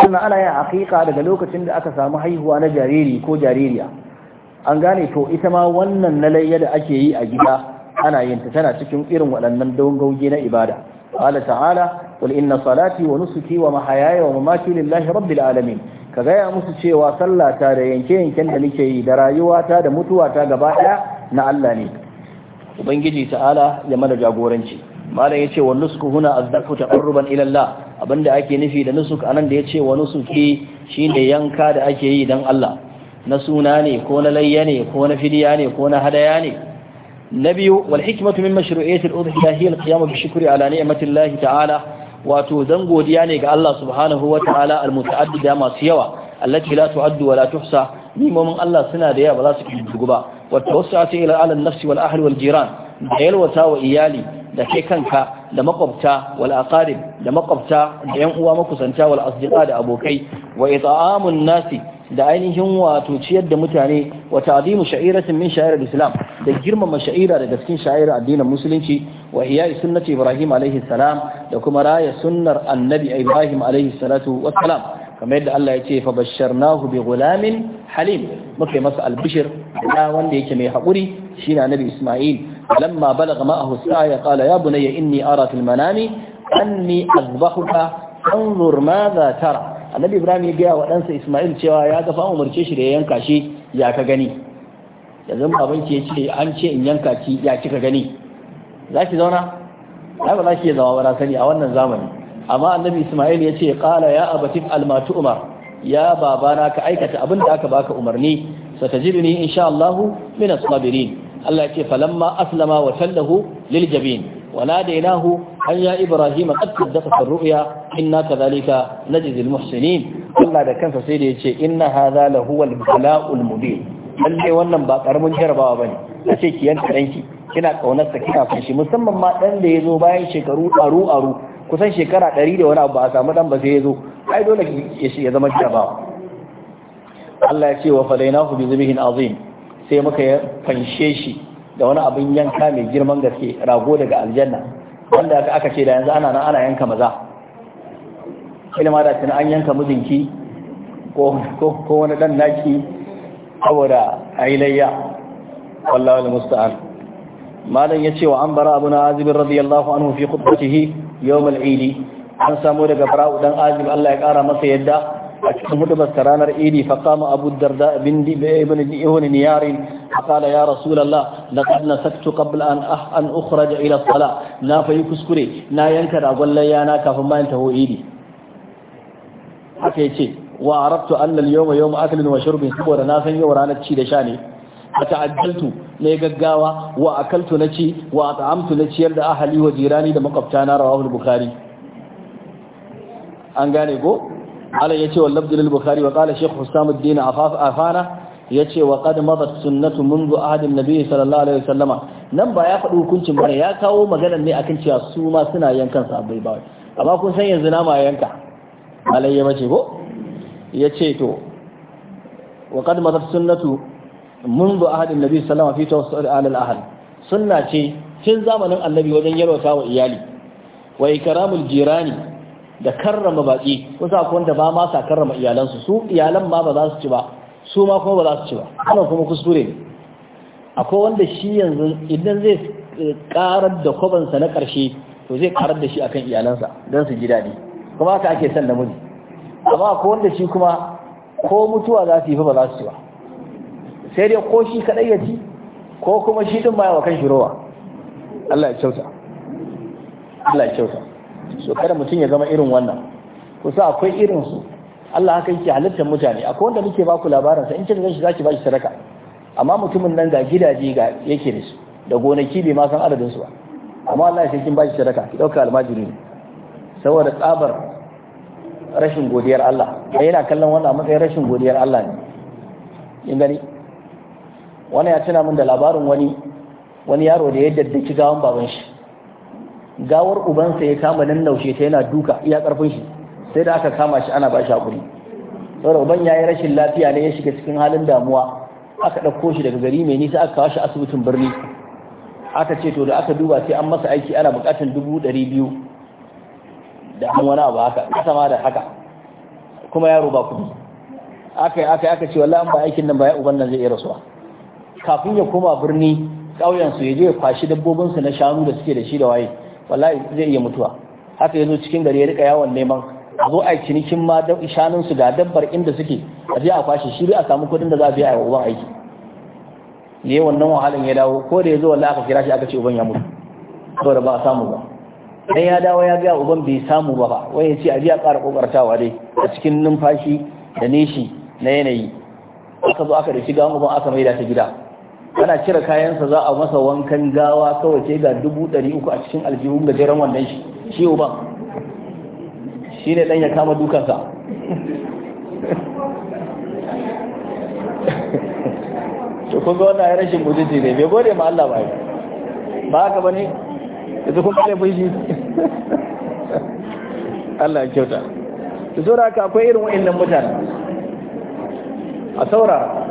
sannan ana yin aqiqa daga lokacin da aka samu haihuwa na jariri ko jaririya an gane to ita ma wannan na da ake yi a gida ana yin ta tana cikin irin waɗannan dongauge na ibada Ku'u-Ala ta'ala qul inna salati wa nusuki wa mahayaya wa mamati lillahi rabbil alamin ka gaya musu cewa sallata da yanke yanken da nake yi da rayuwata da mutuwata gaba daya na Allah ne ubangiji ta'ala ya mana jagoranci malam ya ce wa nusku huna azdaku taqarruban ila Allah abinda ake nufi da nusuk anan da yace wa nusuki shine yanka da ake yi dan Allah na suna ne ko na layya ne ko na fidiya ne ko na hadaya ne نبي والحكمة من مشروعية الأضحية هي القيام بالشكر على نعمة الله تعالى wato zan godiya ne ga Allah subhanahu wa ta'ala al-muta'addida masu yawa allati la tu'addu wa la tuhsa nimomin Allah suna da yawa ba za su kirgu ba wa tawassatu ila alan nafsi wal ahli wal jiran da yalwata wa iyali da kai kanka da makwabta wal aqarib da makwabta da yan uwa makusanta wal asdiqa da abokai wa ita'amun nasi da ainihin wato ciyar da mutane wa ta'zimu sha'iratin min shairar islam da girmama sha'ira daga cikin sha'ir addinin musulunci wa iya sunnati ibrahim alaihi salam da kuma raya sunnar annabi ibrahim alaihi salatu wassalam kamar yadda Allah ya ce fa basharnahu bi gulamin halim muke masa albishir da wanda yake mai haƙuri shine annabi isma'il lamma balagha ma'ahu sa'a qala ya bunayya inni ara fil manami anni azbahuka anzur madha tara annabi ibrahim ya gaya wa ɗansa ismail cewa ya ga fa umarce shi da ya yanka shi ya ka gani yanzu baban ya ce an ce in yanka ki ya kika gani za ki zauna ai ba za ki zama ba sani a wannan zamani amma annabi ismail ya ce qala ya abati almatu umar ya babana ka aikata abin da aka baka umarni satajiduni insha Allah min as-sabirin Allah ya ce falamma aslama wa tallahu lil jabin وناديناه أن يا إبراهيم قد صدقت الرؤيا إنا كذلك نجزي المحسنين الله ده كان فسيدي إن هذا لهو البلاء المبين lalle wannan ba karamin jarabawa bane ce ki yanka danki kina kaunarsa kina fashi musamman ma dan da zo bayan shekaru aru aru kusan shekara 100 da wani abu a samu dan ba sai yazo ai dole ya zama jarabawa Allah ya ce wa falainahu bi zibhin azim sai muka fanshe shi da wani abin yanka mai girman gaske rago daga aljanna wanda aka ce da yanzu ana nan ana yanka maza ilma da tana an yanka mijinki ko wani dan naki saboda ailayya wallahu almusta'an malam yace wa an bara abuna azib radiyallahu anhu fi khutbatihi yawm al-eid an samu daga bara'u dan azib Allah ya kara masa yadda a cikin hudu ba ranar idi fa kama abu darda bin di bai ibn niyarin fa kala ya rasulallah laqad an ah an ukhraj ila salat na fayi kuskure na yanka ragon layana kafin bayan taho idi haka yace wa arabtu anna al yawma yawm aklin wa shurbin saboda na san yau ranar ci da sha ne a ta'addaltu na gaggawa wa kaltu na ci wa a at'amtu na ciyar da ahali wa jirani da makwabta na rawahul Bukari? an gane ko malam yace wal labd lil bukhari wa qala shaykh husamuddin afana yace wa qad madat sunnatu منذ ahad an-nabi sallallahu alaihi wasallama nan ba ya faɗi hukuncin bane ya kawo magana ne akan cewa su ma suna yankan sabai ba amma kun san yanzu na ma yanka alayya bace ko yace to wa qad madat sunnatu منذ ahad an-nabi sallallahu alaihi wasallama fi tawassul ala al-ahl sunna ce tun zamanin annabi wajen yarwata wa iyali wa ikramul jirani da karrama baki sa akwai wanda ba ma sa karrama iyalansu su iyalan ma ba za su ci ba su ma kuma ba za su ci ba wannan kuma kuskure ne akwai wanda shi yanzu idan zai karar da kwabansa na karshe to zai karar da shi akan iyalansa don su ji daɗi kuma haka ake son muni amma akwai wanda shi kuma ko mutuwa za su yi fa ba za su ci ba sai dai ko shi kaɗai ya ci ko kuma shi ɗin ma yawa kan shi rowa Allah ya kyauta Allah ya kyauta so kada mutum ya zama irin wannan kusa akwai irin su Allah haka yake halittar mutane akwai wanda muke baku labarin sa in kin ganshi zaki bashi sadaka amma mutumin nan ga gidaje ga yake da su da gonaki bai ma san adadin su ba amma Allah sai kin bashi sadaka ki dauka almajiri saboda tsabar rashin godiyar Allah yana kallon wannan a matsayin rashin godiyar Allah ne in gani wannan ya tana min da labarin wani wani yaro da ya daddaki gawan baban shi gawar ubansa ya kama nan naushe ta yana duka iya karfin shi sai da aka kama shi ana ba shi hakuri saboda uban ya yi rashin lafiya ne ya shiga cikin halin damuwa aka ɗauko shi daga gari mai nisa aka kawo shi asibitin birni aka ce to da aka duba sai an masa aiki ana buƙatar dubu ɗari biyu da an wani abu haka ƙasa ma da haka kuma yaro ba kuɗi aka yi aka yi aka ce wallahi an ba aikin nan ba ya uban nan zai iya rasuwa kafin ya koma birni ƙauyensu ya je ya kwashi dabbobinsu na shanu da suke da shi da waye wallahi zai iya mutuwa haka yazo cikin gari ya rika yawon neman a zo a cinikin ma da ishanin su ga dabbar inda suke a je a kwashe shi a samu kudin da za a biya a uban aiki ne wannan wahalan ya dawo ko da yazo wallahi aka kira shi aka ce uban ya mutu saboda ba a samu ba dan ya dawo ya ga uban bai samu ba ba wai ya ce a je a fara kokartawa dai a cikin numfashi da nishi na yanayi aka zo aka da shiga uban aka mai da ta gida ana cire kayansa za a masa wankan gawa kawai ce ga dubu ɗari uku a cikin aljihun gajeren wannan shi shi shi ne ɗan ya kama dukansa to kun ga wannan rashin mutunci ne bai gode ma Allah ba ba haka ba ne yanzu kun kare fushi Allah ya kyauta To saura ka akwai irin wa'annan mutane a saurara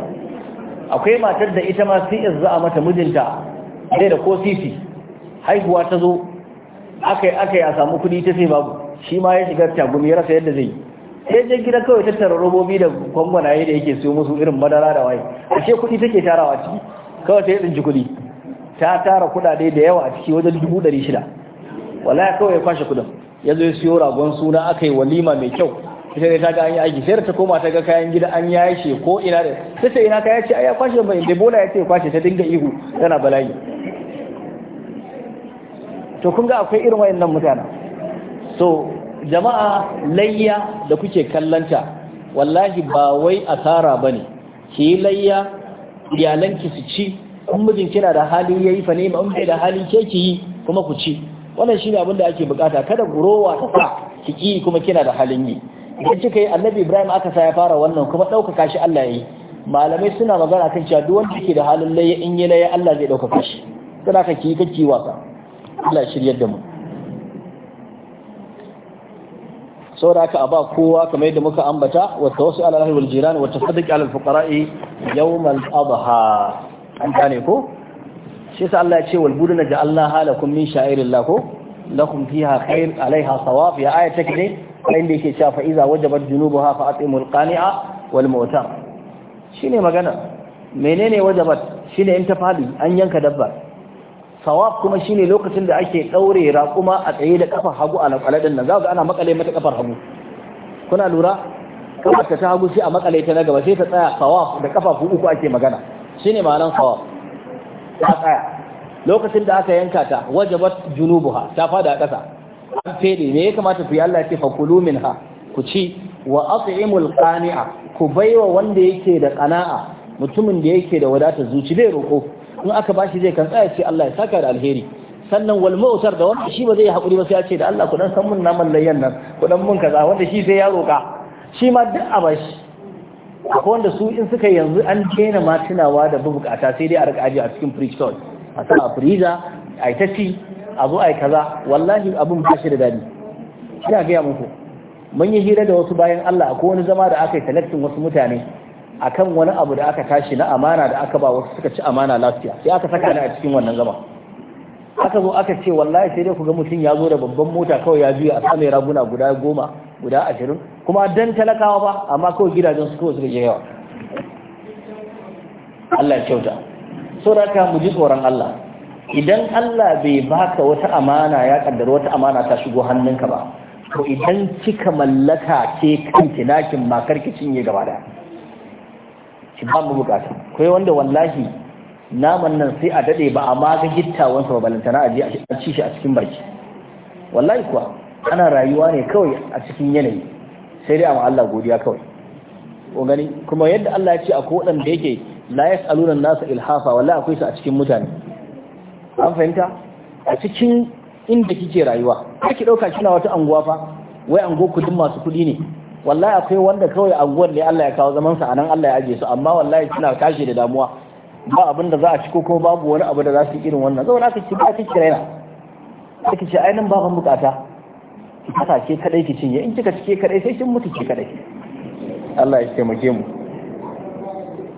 akwai matar da ita ma sai za a mata mijinta dai da ko sisi haihuwa ta zo aka yi a samu kudi ta sai babu shi ma ya shiga tagumi ya rasa yadda zai yi sai gida kawai tattara robobi da kwangwanaye da yake siyo musu irin madara da waye ashe kudi take tarawa ciki kawai sai tsinci kudi ta tara kudade da yawa a ciki wajen dubu ɗari shida wala kawai ya kwashe kudin ya zo ya siyo ragon suna aka yi walima mai kyau ita ne ta ga an yi aiki sai ta koma ta ga kayan gida an yashe ko ina da ta ce ina kaya ce ai ya kwashe mai da bola ya ce kwashe ta dinga ihu tana bala'i to kun ga akwai irin wayannan mutana. so jama'a layya da kuke kallanta wallahi ba wai asara bane ki yi layya iyalanki su ci in mijin kina da hali yayi fa ne in bai da hali ke ki yi kuma ku ci wannan shine abin da ake bukata kada gurowa ta sa ki ki kuma kina da halin yi idan kika yi annabi ibrahim aka sa ya fara wannan kuma ɗaukaka shi allah ya yi malamai suna magana kan cewa duk wanda yake da halin layya in yi layya allah zai ɗaukaka shi kana ka ki kake wasa allah shiryar da mu saboda haka a ba kowa kamar yadda muka ambata wa tawassu ala ahli wal jiran wa tasaddiq ala al fuqara'i yawm al adha an gane ko shi sa Allah ya ce wal buduna da Allah halakum min sha'irillah ko lakum fiha khair alaiha sawab ya ayata ne da yake cewa fa iza wajabat junubuha fa atimul qani'a wal Shi shine magana menene wajabat shine in ta fadi an yanka dabba sawab kuma shine lokacin da ake daure raƙuma a tsaye da kafar hagu a alaƙaladin nan za ga ana makale mata kafar hagu kuna lura kafar ta hagu sai a makale ta na gaba sai ta tsaya sawab da ƙafafu uku ake magana shine ma'anar sawab ta tsaya lokacin da aka yanka ta wajabat junubuha ta fada a ƙasa an fede me ya kamata ku yi Allah ce fakulu ha ku ci wa at'imul qani'a ku baiwa wanda yake da qana'a mutumin da yake da wadatar zuci zai roko in aka bashi zai kan tsaya ce Allah ya saka da alheri sannan wal mu'tar da wanda shi ba zai hakuri ba sai ya ce da Allah ku dan san mun naman layyan nan ku dan mun kaza wanda shi sai ya roka shi ma duk a bashi akwai wanda su in suka yanzu an daina ma tunawa da bukata sai dai a rika aji a cikin fridge a sa a freezer a yi ci a zo a yi kaza wallahi abun ba shi da daɗi ina gaya muku mun yi hira da wasu bayan Allah akwai wani zama da aka yi talaktin wasu mutane akan wani abu da aka tashi na amana da aka ba wasu suka ci amana lafiya sai aka saka ni a cikin wannan zama aka zo aka ce wallahi sai dai ku ga mutum ya zo da babban mota kawai ya biya a samun raguna guda goma guda ashirin kuma dan talakawa ba amma kawai gidajen su kawai suka je yawa Allah ya kyauta so da ka mu ji tsoron Allah idan Allah bai baka wata amana ya kaddara wata amana ta shigo hannunka ba to idan kika mallaka ke kanki nakin makar ki cinye gaba da ki ba mu bukata kai wanda wallahi naman nan sai a dade ba amma ma ga gittawan sa balantana a a ci shi a cikin baki wallahi kuwa ana rayuwa ne kawai a cikin yanayi sai dai amma Allah godiya kawai ko gani kuma yadda Allah ya ce akwai wanda yake la yas'aluna nasa ilhafa wallahi akwai su a cikin mutane an fahimta a cikin inda kike rayuwa ki dauka kina wata anguwa fa wai ango kudin masu kudi ne wallahi akwai wanda kawai anguwar ne Allah ya kawo zaman sa anan Allah ya aje su amma wallahi kina tashi da damuwa ba abin da za a ci ko babu wani abu da za su irin wannan zauna ka ci ba kike raina kike ce ainin ba ban bukata ki kasa ke kadai ki cinye in kika cike kadai sai kin mutu ki kadai Allah ya taimake mu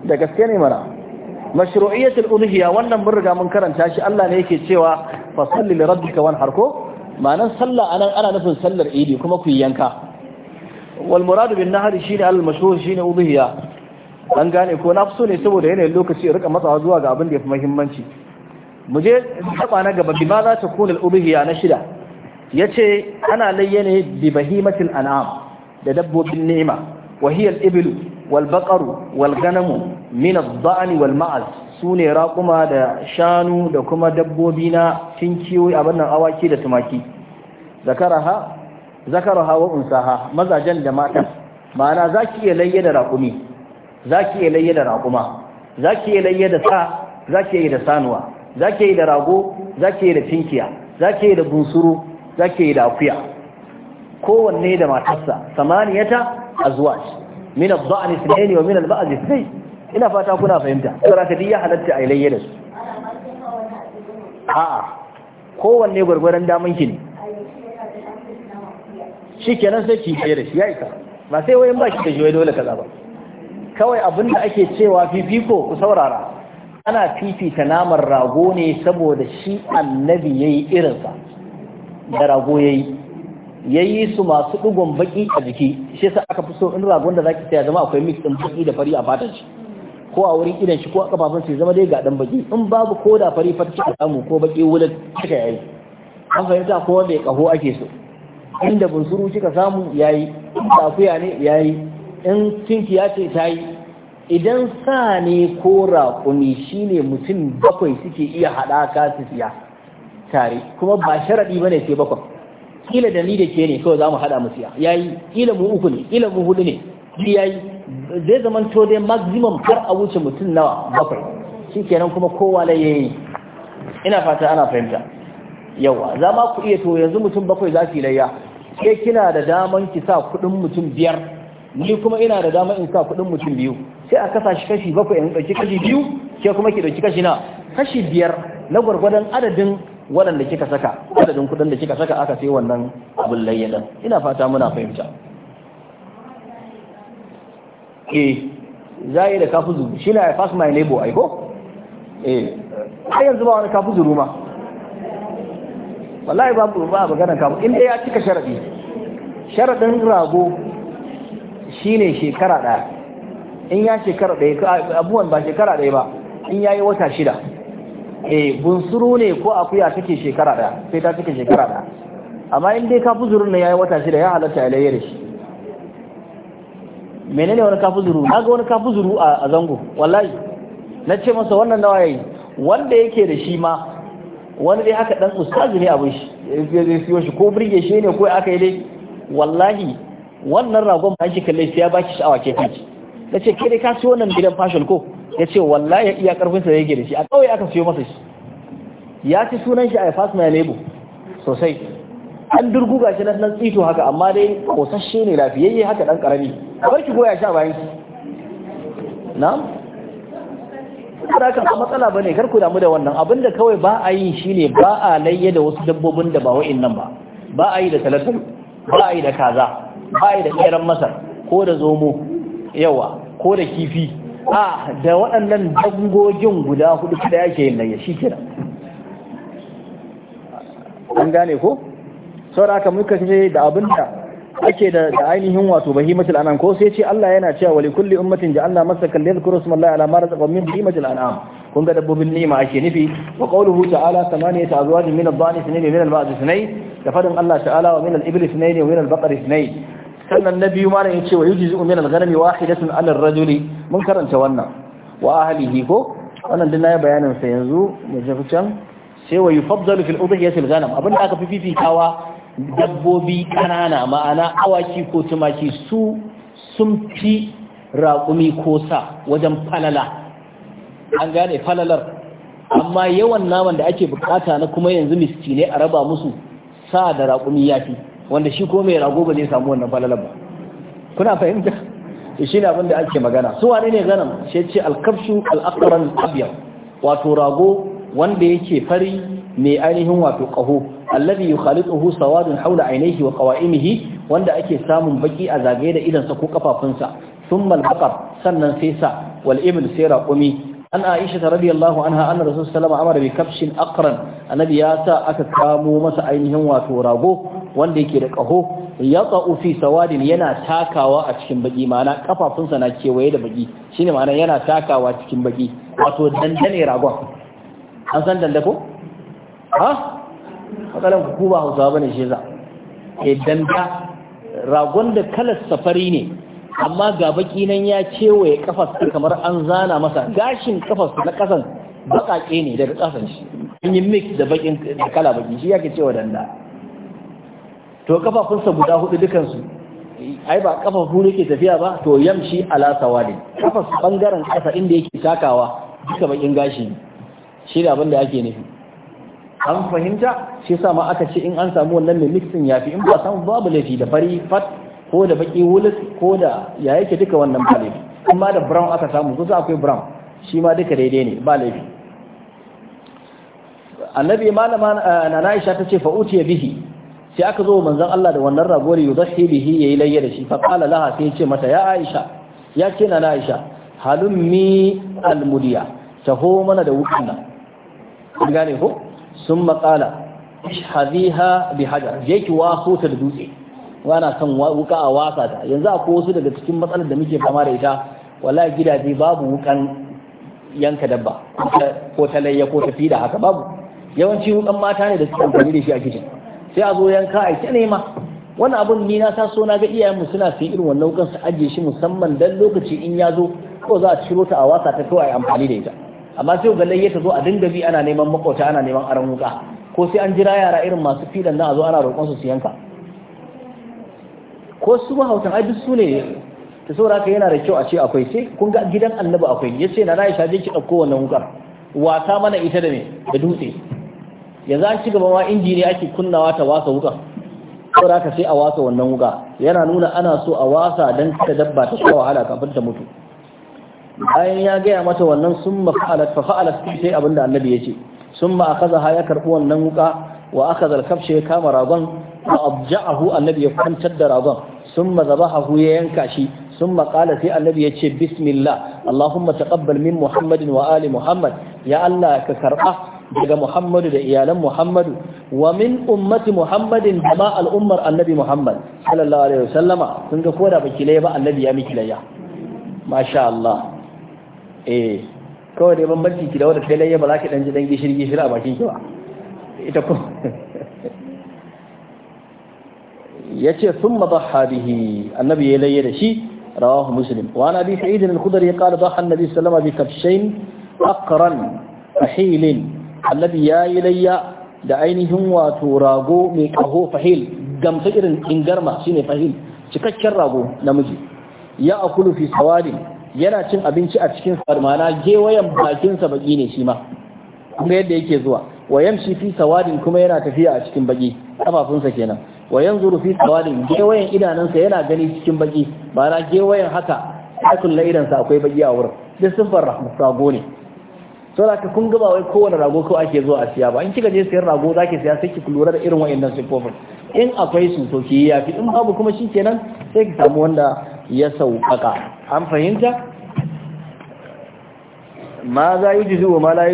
da gaske ne mana mashru'iyyatul uluhiyya wannan mun riga mun karanta shi Allah ne yake cewa fa salli li rabbika harko. ko ma'anan salla anan ana nufin sallar idi kuma ku yanka wal murad bin nahri shine al mashru'u shine uluhiyya an gane ko na so ne saboda yanayin lokaci rika matsawa zuwa ga abin da yafi muhimmanci mu je na gaba bima za ta kuna na shida yace ana layyane bi bahimatil an'am da dabbobin ni'ima wa hiya al iblu wal Walganamu, wal ganamu min sune Raƙuma, da shanu da kuma dabbobi na tinkiyoyi abin awaki da tumaki zakaraha zakaraha wa unsaha mazajen da mata ma'ana zaki iya layye da raqumi zaki iya layye da raquma zaki iya layye da sa zaki iya da sanuwa zaki iya da rago zaki iya da tinkiya zaki iya da bunsuru zaki iya da akuya kowanne da matarsa samaniyata azwaj min ad-da'n ithnayn wa min al-ba'd ithnayn ina fata kuna fahimta saboda ka diya halatta a ilayya da su a'a kowanne gurgurdan daman ki ne shikenan sai ki da shi ya isa ba sai wayan ba shi da jiwai dole kaza ba kawai abinda ake cewa fifiko ku saurara ana fifita naman rago ne saboda shi annabi yayi irinsa da rago yayi ya yi su masu ɗigon baƙi a jiki shi sa aka fi so in ragon da zaki saya zama akwai mix din baƙi da fari a fatan shi ko a wurin idan shi ko a kafafun shi zama dai ga ɗan baƙi in babu ko da fari fata a samu ko baƙi wulan kika yayi an fahimta ko wanda ya ƙaho ake so inda bunsuru kika samu yayi in tafiya ne yayi in tinki ya ce ta yi idan sa ne ko raƙumi shine mutum bakwai suke iya haɗa su siya tare kuma ba sharaɗi ba ne sai bakwai kila da ni da ke ne kawai za mu haɗa mu siya yayi kila mu uku ne kila mu hudu ne duk yayi zai zaman to dai maximum har a wuce mutum nawa bakwai shi kenan kuma kowa la yayi ina fata ana fahimta yawa za ma ku iya to yanzu mutum bakwai za su layya ke kina da daman ki sa kuɗin mutum biyar ni kuma ina da daman in sa kuɗin mutum biyu sai a kasa shi kashi bakwai in ɗauki kashi biyu sai kuma ki ɗauki kashi na kashi biyar na gwargwadon adadin waɗanda kika saka adadin kuɗin da kika saka aka sai wannan abin layyadan ina fata muna fahimta eh za yi da kafu zuru shi na fast my nebo aiko eh har yanzu ba wani kafu zuru ma wallahi babu ba a maganar kafu inda ya cika sharaɗi sharaɗin rago shi ne shekara ɗaya in ya shekara ɗaya abubuwan ba shekara ɗaya ba in ya yi wata shida e bunsuru ne ko akuya take shekara daya sai ta take shekara daya amma in dai zuru ne yayi wata shida ya halatta ya layyare shi menene wani Na ga wani zuru a zango wallahi na ce masa wannan nawa yayi wanda yake da shi ma wani dai haka dan ustazi ne abin shi zai siyo shi ko burge shi ne ko aka yi dai wallahi wannan ragon ba shi kalle sai ya baki sha'awa ke kanki Yace ce kai ka siyo nan gidan fashil ko ya ce wallahi iya karfinsa ya yake da shi a kawai aka siyo masa shi ya ci sunan shi a fast my label sosai an durguga shi nan tsito haka amma dai kosasshe ne lafiyayye haka dan karami a barki goya sha bayan shi na'am ka kan matsala bane kar ku damu da wannan abinda kawai ba a yi shine ba a layye da wasu dabbobin da ba wa'annan ba ba a yi da talatu ba a yi da kaza ba a yi da kiran masar ko da zomo yawa ko da kifi a da waɗannan dangogin guda hudu kada yake yin layya shi kira an gane ko saboda haka muka ce da abin abinda ake da ainihin wato bahimatul an'am ko sai ce Allah yana cewa wa likulli ummatin masa ja'alna masakan liyadhkuru smallahi ala ma razaqahum min bahimatil an'am kun ga dabbobin ni'ima ake nufi wa qawluhu ta'ala samaniyata azwajin min ad-dhani ithnayn min al-ba'd ithnayn da fadin Allah ta'ala wa min al-ibli ithnayn wa min al-baqari ithnayn sannan na biyu malam yace wa yujzi min al-ghanami wahidatun 'ala ar-rajuli mun karanta wannan wa ahlihi ko wannan din nayi bayanin sa yanzu mu tafi can sai wa yufaddalu fil udhiyati al-ghanam abin da aka fi fifitawa dabbobi kanana ma'ana awaki ko tumaki su sun fi raƙumi ko sa wajen falala an gane falalar amma yawan naman da ake bukata na kuma yanzu miskine a raba musu sa da raƙumi ya fi wanda shi ko mai rago ba zai samu wannan falalar ba kuna fahimta shi ne abinda ake magana su wane ne ganam shi ce alkafshu al'akaran abiyar wato rago wanda yake fari mai ainihin wato ƙaho allabi yi khalitsuhu sawadun haula ainihi wa qawa'imihi wanda ake samun baki a zagaye da idansa ko kafafunsa sun malbakar sannan sai sa wal ibn sai raƙumi an aisha radiyallahu anha anna rasul sallama amara bi kafshin aqran annabi ya sa aka kamo masa ainihin wato rago wanda yake da kaho yaqa'u fi sawadin yana takawa a cikin baki ma'ana kafafunsa na kewaye da baki shine ma'ana yana takawa cikin baki wato dandane ragon an san danda ko ha matsalan ku ba hausawa bane shi za eh danda ragon da kalar safari ne amma ga baki nan ya kewaye kafarsa kamar an zana masa gashin kafas na kasan bakake ne daga kasan shi an yi mix da bakin da kala baki shi yake cewa danda to kafafunsa guda hudu dukansu ai ba kafafu ne ke tafiya ba to yamshi ala ne. kafas bangaren kasa inda yake takawa duka bakin gashi shi da abin da ake nufi an fahimta shi yasa ma aka ce in an samu wannan mai mixin yafi in ba san babu lafi da fari fat ko da baki wulis ko da ya yake duka wannan ba laifi amma da brown aka samu kusa akwai brown shi ma duka daidai ne ba laifi annabi malama eh, na Aisha ta ce fa utiya bihi sai aka zo manzon Allah da wannan rago ya yudhi bihi yayi layya da shi fa qala laha sai ce mata ya Aisha ya ce na Aisha halummi almudiya taho mana da wukuna kun gane ko sun makala. ishhadiha bihajar yake je ki waso ta da dutse ana son wuka a wasa ta yanzu akwai wasu daga cikin matsalar da muke fama da ita wallahi gidaje babu wukan yanka dabba ko ta layya ko ta fida haka babu yawanci wukan mata ne da suke amfani da shi a kicin sai a zo yanka a ta nema wani abun ni na taso na ga iyayenmu suna sayi irin wannan wukan su ajiye shi musamman dan lokaci in ya zo ko za a ciro ta a wasa ta kawai amfani da ita amma sai ga layya ta zo a dinga bi ana neman makota ana neman aran wuka ko sai an jira yara irin masu fidan na a zo ana roƙon su su yanka ko su mahautan ai duk su ta saura ka yana da kyau a ce akwai sai kun ga gidan annabi akwai ya ce na Aisha je ki dauko wannan wukar wasa mana ita da me da dutse yanzu an ci gaba ma injini ake kunnawa ta wasa wukar saura ka sai a wasa wannan wuka yana nuna ana so a wasa dan ta dabba ta kawo wahala kafin ta mutu bayan ya gaya mata wannan summa fa'alat fa fa'alat sai abinda annabi ya ce summa ha ya karbi wannan wuka wa aka zarkafshe ya kama ragon a abja'ahu annabi ya kwantar da ragon summa zabahahu ya yanka shi sun maƙala sai annabi ya ce bismillah allahumma taqabbal min muhammadin wa ali muhammad ya allah ka karba daga muhammadu da iyalan muhammadu wa min ummati muhammadin da al'ummar annabi muhammad sallallahu alaihi wasallama kun ga koda baki laye ba annabi ya miki layya masha Allah eh kawai dai ki layya ba za ki dan ji dan gishiri a bakin ki ba Ya sun dhaha bihi annabi ya laye da shi rawahu muslim wa ana bi sa'id al-khudri qala dhaha annabi sallama bi kabshayn a hilin annabi ya yi layya da ainihin wato rago mai kaho fahil gamsa irin ingarma ne fahil cikakken rago namiji ya akulu fi sawadin yana cin abinci a cikin sarmana gewayen bakinsa baki ne shi ma kuma yadda yake zuwa wa yamshi fi sawadin kuma yana tafiya a cikin baki kafafunsa kenan wa yanzuru fi sawadin gewayen idanansa yana gani cikin baki ba na gewayen haka hakun la sa akwai baki a wurin duk sun farra rago ne da ka kun ga wai kowane rago ko ake zuwa a siya ba in kika je sayar rago zaki siya sai ki lura da irin wayannan sifofin in akwai su to ki yafi in babu kuma shikenan sai ki samu wanda ya sauƙaƙa an fahimta ma za yi jizu wa ma la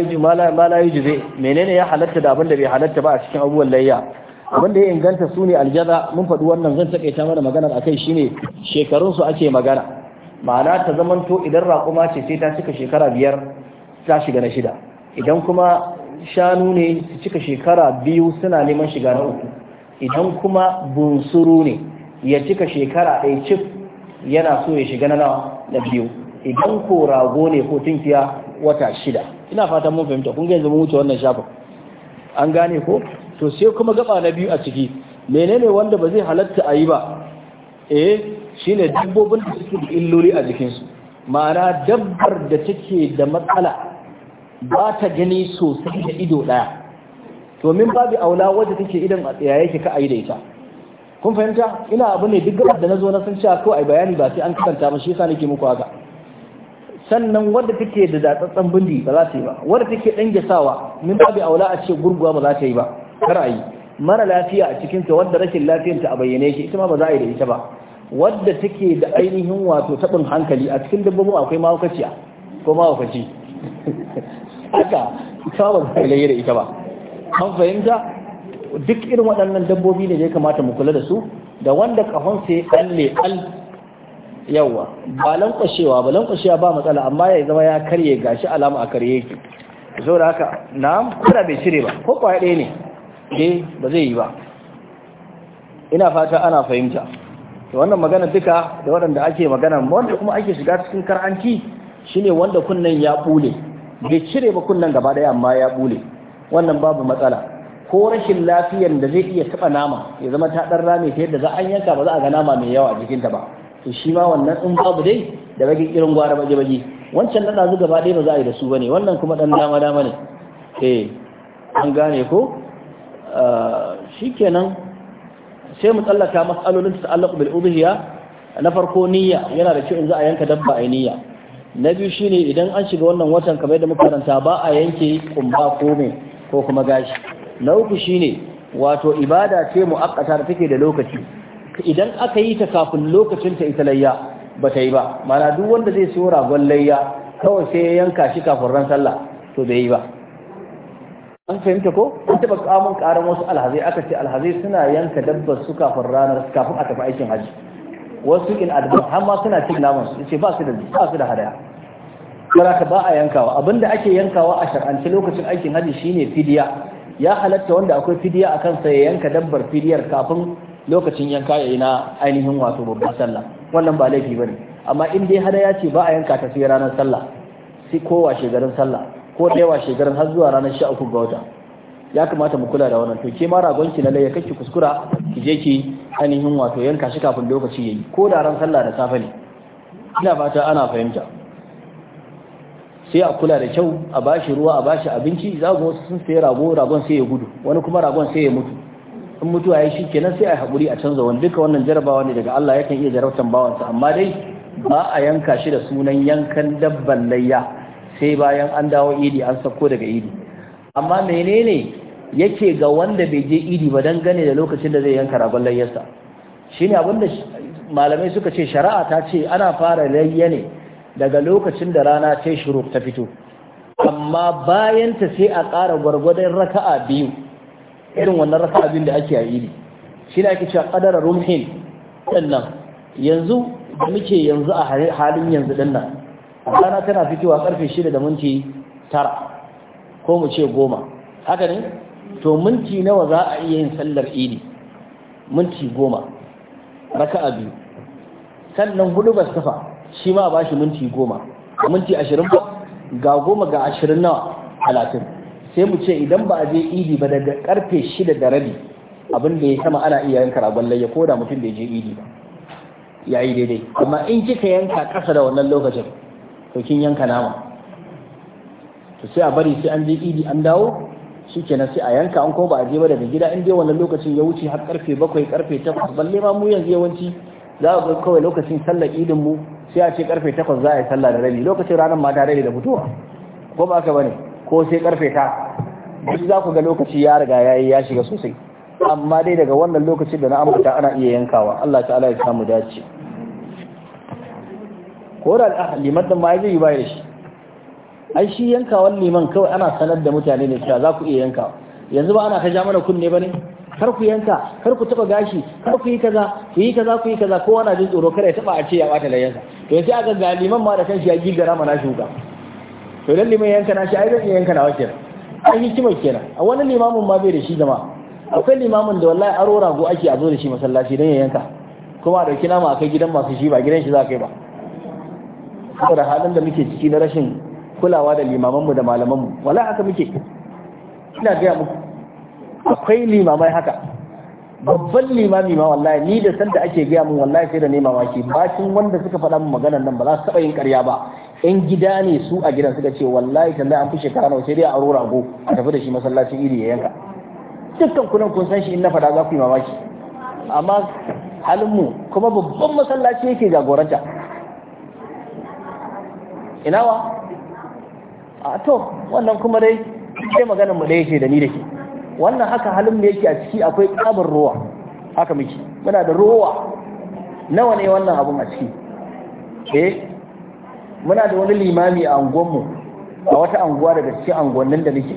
yi jizu menene ya halatta da abin da bai halatta ba a cikin abubuwan layya abin da ya inganta su ne aljaza mun faɗi wannan zan taƙaita mana magana a kai shine shekarunsu ake magana ma'ana ta zamanto idan raƙuma ce sai ta cika shekara biyar ta shiga na shida idan kuma shanu ne su cika shekara biyu suna neman shiga na uku idan kuma bunsuru ne ya cika shekara ɗaya cif yana so ya shiga na na biyu idan ko rago ne ko tunkiya wata shida ina fatan mun fahimta kun ga yanzu mun wuce wannan shafin an gane ko to sai kuma gaba na biyu a ciki menene wanda ba zai halatta a yi ba eh shine dabbobin da suke da illoli a jikinsu ma'ana dabbar da take da matsala ba ta gani sosai da ido ɗaya domin babu aula wanda take idan a tsaya yake ka ayi da ita kun fahimta ina abu ne duk gaba da na zo na san cewa ko ai bayani ba sai an kasanta ba shi yasa nake muku haka sannan wadda take da datsatsan bindi ba za ta yi ba wadda take dan gasawa min babu aula a cikin gurguwa ba za ta yi ba kar a yi mara lafiya a cikin ta wadda rashin lafiyar ta a bayyane yake ita ma ba za a yi da ita ba wadda take da ainihin wato tabin hankali a cikin dabbobin akwai mahaukaciya ko mahaukaci haka ita ba za a yi da ita ba an fahimta duk irin waɗannan dabbobi ne ya kamata mu kula da su da wanda kahon sai alle al yawa ba lankwashewa ba lankwashewa ba matsala amma ya zama ya karye gashi alama a karye yake zo da haka na kada bai cire ba ko kwaya ɗaya ne dai eh, ba zai yi ba ina fata ana fahimta to wannan magana duka da waɗanda ake magana wanda kuma ake shiga cikin karanci shine wanda kunnan ya bule bai cire ba kunnan gaba ɗaya amma ya bule wannan babu matsala ko rashin lafiyar da zai iya taɓa nama ya zama ta ɗan rame ta yadda za an yanka ba za a ga nama mai yawa a jikinta ba to shi ma wannan in babu dai da bage irin gwara baje baje wancan na dazu gaba dai ba za a yi da su bane wannan kuma dan dama dama ne eh an gane ko ah, shikenan sai mu tsallaka mas'alolin ta'allaq bil udhiya na farko niyya yana da kyau in za a yanka dabba a niyya na biyu shine idan an shiga wannan watan kamar da muka karanta ba a yanke kumba ko me ko kuma gashi na uku shine wato ibada ce mu'akkata da take da lokaci idan aka yi ta kafin lokacin ta ita layya ba ta yi ba mana duk wanda zai so ragon layya kawai sai ya yanka shi kafin ran sallah to bai yi ba an fahimta ko an taba kamun karan wasu alhazai aka ce alhazai suna yanka dabbar su kafin ranar kafin a tafi aikin haji wasu in advance har ma suna cin naman su ce ba su da ba su da hadaya saboda ba a yankawa abinda ake yankawa a shar'ance lokacin aikin haji shine fidiya ya halatta wanda akwai fidiya a kansa ya yanka dabbar fidiyar kafin lokacin yanka ya yi na ainihin wato babban sallah wannan ba laifi ba ne, amma in dai hada ya ce ba a yanka ta sai ranar sallah sai kowa shekarun sallah ko da yawa shekarun har zuwa ranar uku ga wata ya kamata mu kula da wannan to ke ma ragon ki na laye kake kuskura ki je ki ainihin wato yanka shi kafin lokaci ya yi. ko da ran sallah da safe ne ina fata ana fahimta sai a kula da kyau a bashi ruwa a bashi abinci za ga wasu sun sayi rago ragon sai ya gudu wani kuma ragon sai ya mutu in mutuwa ya shi kenan sai a haƙuri a canza wani duka wannan jarabawa ne daga Allah yakan iya jarabtan bawansa amma dai ba a yanka shi da sunan yankan dabban layya sai bayan an dawo idi an sauko daga idi amma menene yake ga wanda bai je idi ba dan gane da lokacin da zai yanka ragon layyarsa shine abin da malamai suka ce shari'a ta ce ana fara layya ne daga lokacin da rana ta shuru ta fito amma bayan ta sai a ƙara gwargwadon raka'a biyu irin wannan raka abin da ake a iri shi ne ake cewa kadara rumhin sannan yanzu da muke yanzu a halin yanzu din nan rana tana fitowa karfe shida da minti tara ko mu ce goma haka ne to minti nawa za a iya yin sallar idi minti goma raka abi sannan hudu ba safa shi ma ba shi minti goma minti ashirin ga goma ga ashirin nawa sai mu ce idan ba a je idi ba daga karfe shida da rabi abin da ya sama ana iya yanka ragon layya ko da mutum da ya je idi ba ya yi daidai amma in kika yanka ƙasa da wannan lokacin to kin yanka nama to sai a bari sai an je idi an dawo shi kenan sai a yanka an ko ba a je ba daga gida in dai wannan lokacin ya wuce har karfe bakwai karfe takwas balle ma mu yanzu yawanci za a ga kawai lokacin sallar idin mu sai a ce karfe takwas za a yi sallah da rabi lokacin ranar ma ta da fitowa ko ba ka bane ko sai karfe ta duk za ku ga lokaci ya riga ya yi ya shiga sosai amma dai daga wannan lokacin da na amurta ana iya yankawa Allah ta'ala ya samu dace ko da liman da ma ya yi bayan shi ai shi yankawan liman kawai ana sanar da mutane ne cewa za ku iya yankawa yanzu ba ana ta ja mana kunne ba ne kar ku yanka kar ku taba gashi kar ku yi kaza ku yi kaza ku yi kaza kowa na jin tsoro kada ya taba a ce ya bata layyansa to yanzu aka ga liman ma da kanshi ya gigara mana shuka to dan liman yanka na shi ai zan yanka na wakil a hikimar kenan a wani limamin ma bai da shi jama'a akwai limamin da wallahi aro rago ake a zo da shi masallaci don ya yanka kuma a dauki nama a kai gidan masu shi ba gidan shi za kai ba saboda halin da muke ciki na rashin kulawa da limamanmu da malamanmu wallahi haka muke ina gaya muku akwai limamai haka babban limami ma wallahi ni da sanda ake gaya min wallahi sai da ne mamaki bakin wanda suka faɗa min maganar nan ba za su taɓa yin ƙarya ba yan gida ne su a gidan suka ce wallahi tallai an fi shekara nawa sai dai a aro rago a tafi da shi masallacin iri ya yanka dukkan kunan kun san shi in na faɗa za ku yi mamaki amma halinmu kuma babban masallaci yake jagoranta inawa a to wannan kuma dai sai maganar mu da yake da ni da ke wannan haka halin da yake a ciki akwai tsabar ruwa haka miki muna da ruwa nawa ne wannan abun a ciki eh muna da wani limami a anguwanmu a wata anguwa daga cikin anguwannin da nake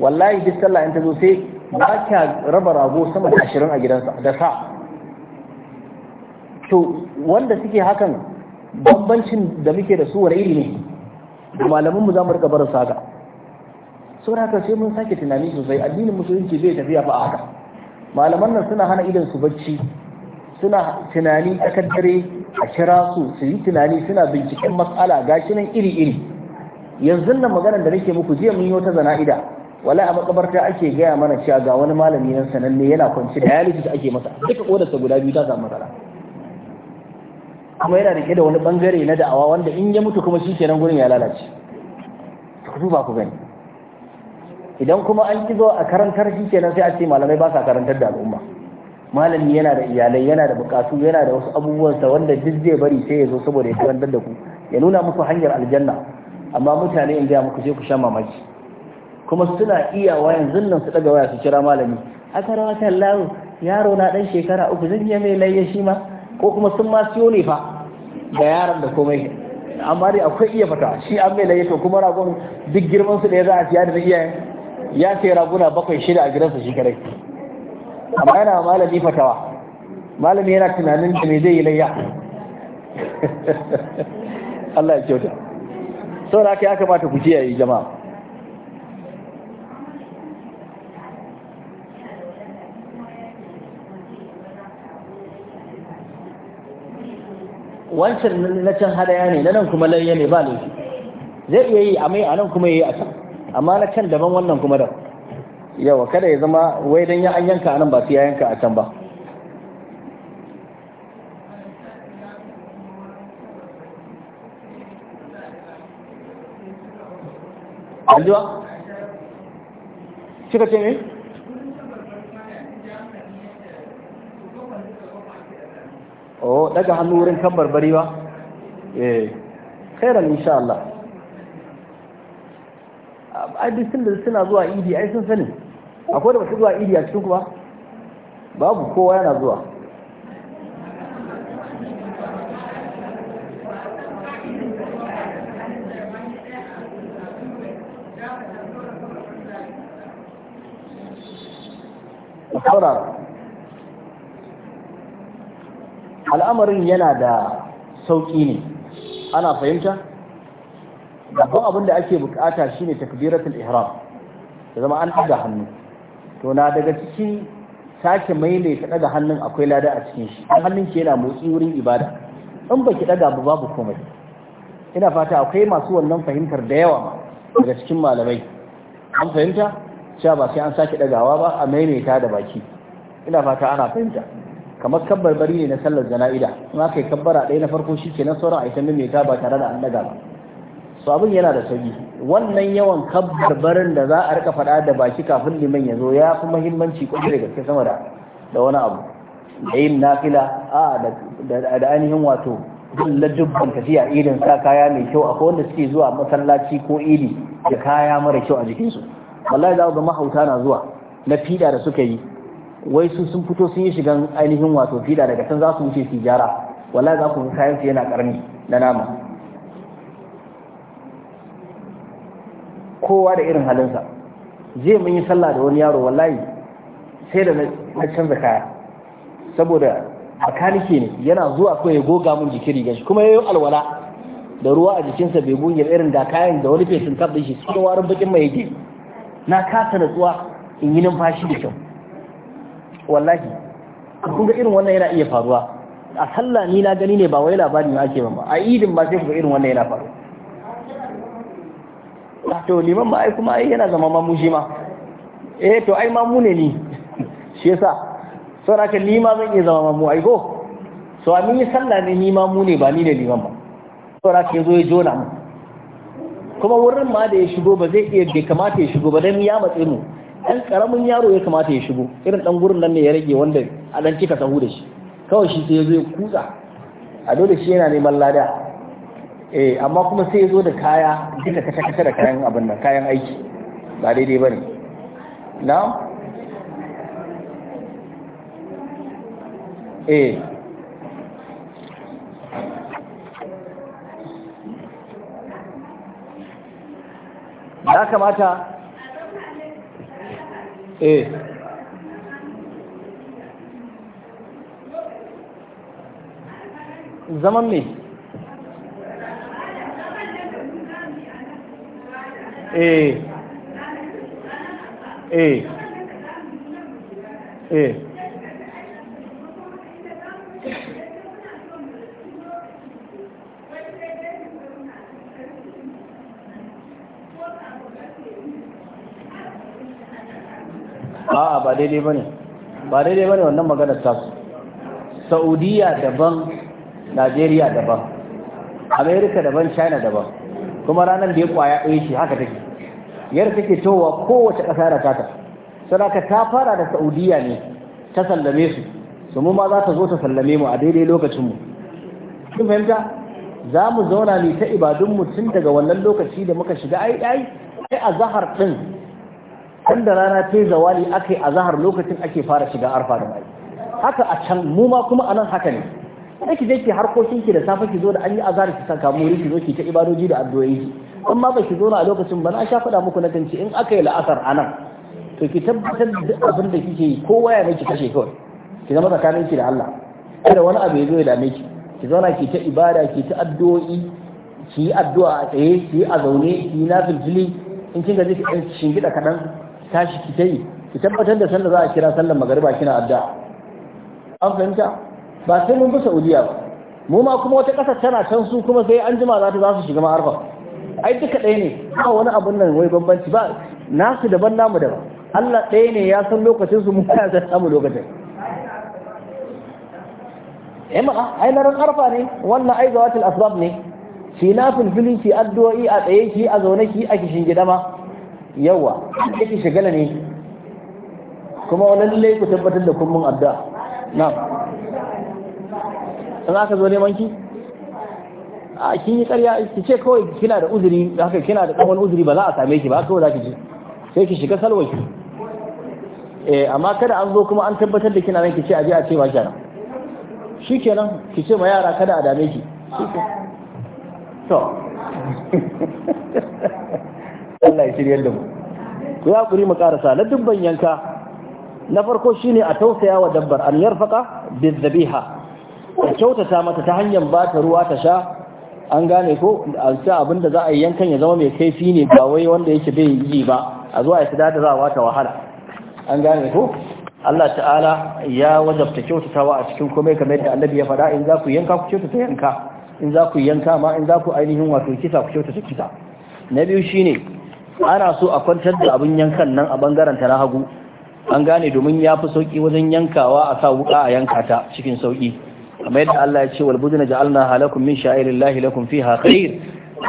wallahi duk sallah in ta zo sai ba ka raba rago sama da ashirin a gidansa da sa to wanda suke hakan bambancin da muke da su wani iri ne mu za mu rika barin haka saboda haka sai mun sake tunani sosai addinin musulunci zai tafiya ba haka malaman nan suna hana idan su bacci suna tunani tsakar dare a kira su su yi tunani suna binciken matsala gashi nan iri-iri yanzu nan maganar da nake muku jiya mun yi wata zana'ida wala a makabarta ake gaya mana cewa ga wani malami nan sananne yana kwanci dialysis ake masa duka sa guda biyu ta samu matsala kuma yana rike da wani bangare na da'awa wanda in ya mutu kuma shi kenan gurin ya lalace ku ba ku gani idan kuma an ki zo a karantar shi kenan sai a ce malamai ba sa karantar da al'umma malami yana da iyalai yana da bukatu yana da wasu sa wanda duk zai bari sai ya zo saboda ya karantar da ku ya nuna muku hanyar aljanna amma mutane in gaya muku je ku sha mamaki kuma suna iya yanzu nan su daga waya su kira malami a karawata Allah yaro na dan shekara uku zan iya mai layya shi ma ko kuma sun ma siyo ne fa da yaron da komai amma dai akwai iya fata shi an mai layya to kuma ragon duk girman su da ya za a siya da iyayen ya sai raguna bakwai shida a gidansa shi kadai amma yana malami fatawa malami yana tunanin da me zai yi layya Allah ya kyauta saboda haka ya kamata ku yi jama'a wancan na can hadaya ne na nan kuma layya ne ba ne zai iya yi a mai a nan kuma yi a can amma na can daban wannan kuma da yawa kada ya zama wai don ya an yanka anan ba su ya yanka a can ba aljiwa Cika ce ne oh daga hannu wurin kan barbari ba eh Kairan insha Allah ai duk sun da suna zuwa idi ai sun sani akwai da basu zuwa idi a cikin kuma babu kowa yana zuwa al'amarin yana da sauƙi ne ana fahimta babban abin da ake bukata shine takbiratul ihram ya zama an ɗaga hannu to na daga cikin sake ta ɗaga hannun akwai lada a cikin shi hannun ke yana motsi wurin ibada in baki ɗaga ba babu komai ina fata akwai masu wannan fahimtar da yawa daga cikin malamai an fahimta cewa ba sai an sake ɗagawa ba a maimaita da baki ina fata ana fahimta kamar kabbar bari ne na sallar jana'ida in aka yi kabbara ɗaya na farko shi ke kenan sauran a ita ta ba tare da an ɗaga ba so abin yana da sauki wannan yawan kabbarbarin da za a rika faɗa da baki kafin liman ya zo ya fi muhimmanci kwarai da gaske sama da da wani abu da yin nafila a da ainihin wato dalla dubban tafiya irin sa kaya mai kyau akwai wanda suke zuwa masallaci ko iri da kaya mara kyau a jikinsu wallahi za ku ga mahauta na zuwa na fida da suka yi wai su sun fito sun yi shigan ainihin wato fida daga can za su wuce su gyara wallahi za ku ga kayan su yana karni na nama kowa da irin halinsa je mun yi sallah da wani yaro wallahi sai da na canza kaya saboda makaniki ne yana zuwa ko ya goga mun jiki rigar shi kuma yi alwala da ruwa a jikinsa bai buge irin da kayan da wani fesin kaf shi cikin warin bakin mai yake na kasa natsuwa in yi numfashi da kyau wallahi kun ga irin wannan yana iya faruwa a sallah ni na gani ne ba wai labarin ne ake ba a idin ba sai ku ga irin wannan yana faruwa Ah, to liman ma ai kuma ai yana zama mamu shi ma eh to ai mamu ne ni shi yasa sau da ni ma zan iya zama mamu ai ko so a yi sallah ne ni mamu ne ba ni da liman ba sau da ya zo ya jona mu kuma wurin ma da ya shigo ba zai iya da kamata ya shigo ba dan ya matse mu dan karamin yaro ya kamata ya shigo irin ɗan gurin nan ne ya rage wanda a dan kika sahu da shi kawai shi sai ya zo ya kusa a dole shi yana neman lada eh amma kuma sai ya zo da kaya duka kashe kashe da kayan abin nan kayan aiki ba daidai ba ne na eh ya kamata eh zaman ne eh eh eh a'a ba daidai bane ba daidai bane wannan maganar tasu saudiya daban najeriya daban amerika daban china daban kuma ranar da ya kwaya ɗaya shi haka take yadda take towa kowace ƙasa da tata sadaka ta fara da saudiya ne ta sallame su su mu ma za ta zo ta sallame mu a daidai lokacin mu. Kin fahimta za mu zauna ne ta ibadun mu tun daga wannan lokaci da muka shiga ai ai ai a zahar ɗin kan da rana ta zawali aka yi a zahar lokacin ake fara shiga arfa da mai haka a can mu ma kuma anan haka ne sai ki je ki harkokin ki da safe ki zo da an yi azhar ki san kamu ki zo ki ta ibadoji da addu'o'i in ma baki zo na a lokacin ba na sha faɗa muku na kanci in aka yi la'asar a nan to ki tabbatar da duk abin da kike yi ko waya miki kashe kawai ki zama tsakanin ki da Allah kada wani abu ya zo ya dame ki ki zauna ki ta ibada ki ta addu'o'i ki yi addu'a a tsaye ki yi a zaune ki yi nafil fili in kin gaji ki ɗan shingida kaɗan tashi ki ta yi ki tabbatar da sallar za a kira sallar magariba kina addu'a an fahimta ba sai mun bi Saudiya ba mu ma kuma wata ƙasar tana can su kuma sai an jima za ta za su shiga ma'arfa ai duka ɗaya ne ba wani abun nan wai bambanci ba nasu daban namu daban Allah ɗaya ne ya san lokacin su muka ya san samu lokacin ma ai na ran arfa ne wannan ai zawatul asbab ne shi na fulfili shi addu'o'i a tsaye shi a zaune shi a kishin gida ma yawa yake shigala ne kuma wani lalle ku tabbatar da kun mun addu'a na in aka zo neman ki a kin yi ƙarya ki ce kawai kina da uzuri haka kina da wani uzuri ba za a same ki ba kawai za ki ji sai ki shiga salwaki ki eh amma kada an zo kuma an tabbatar da kina nan ki ce aje a ce ba ke nan ki ce ma yara kada a dame ki to Allah ya shirya da mu ku ya kuri mu karasa na dubban yanka na farko shine a tausaya wa dabbar an yarfaka bizzabiha kyautata mata ta hanyar ba ta ruwa ta sha an gane ko a ce abin da za a yi yankan ya zama mai kaifi ne ba wai wanda yake bai yi ba a zuwa ya sadar da za a wata wahala an gane ko Allah ta'ala ya wajabta kyautatawa a cikin komai kamar da annabi ya faɗa in za ku yanka ku kyautata yanka in za ku yanka ma in za ku ainihin wato kisa ku kyautata kisa na biyu shine ana so a kwantar da abin yankan nan a bangaren ta na hagu an gane domin ya fi sauki wajen yankawa a sa wuka a yanka ta cikin sauki kamar yadda Allah ya ce wal budina ja'alna halakum min sha'irillahi lakum fiha khair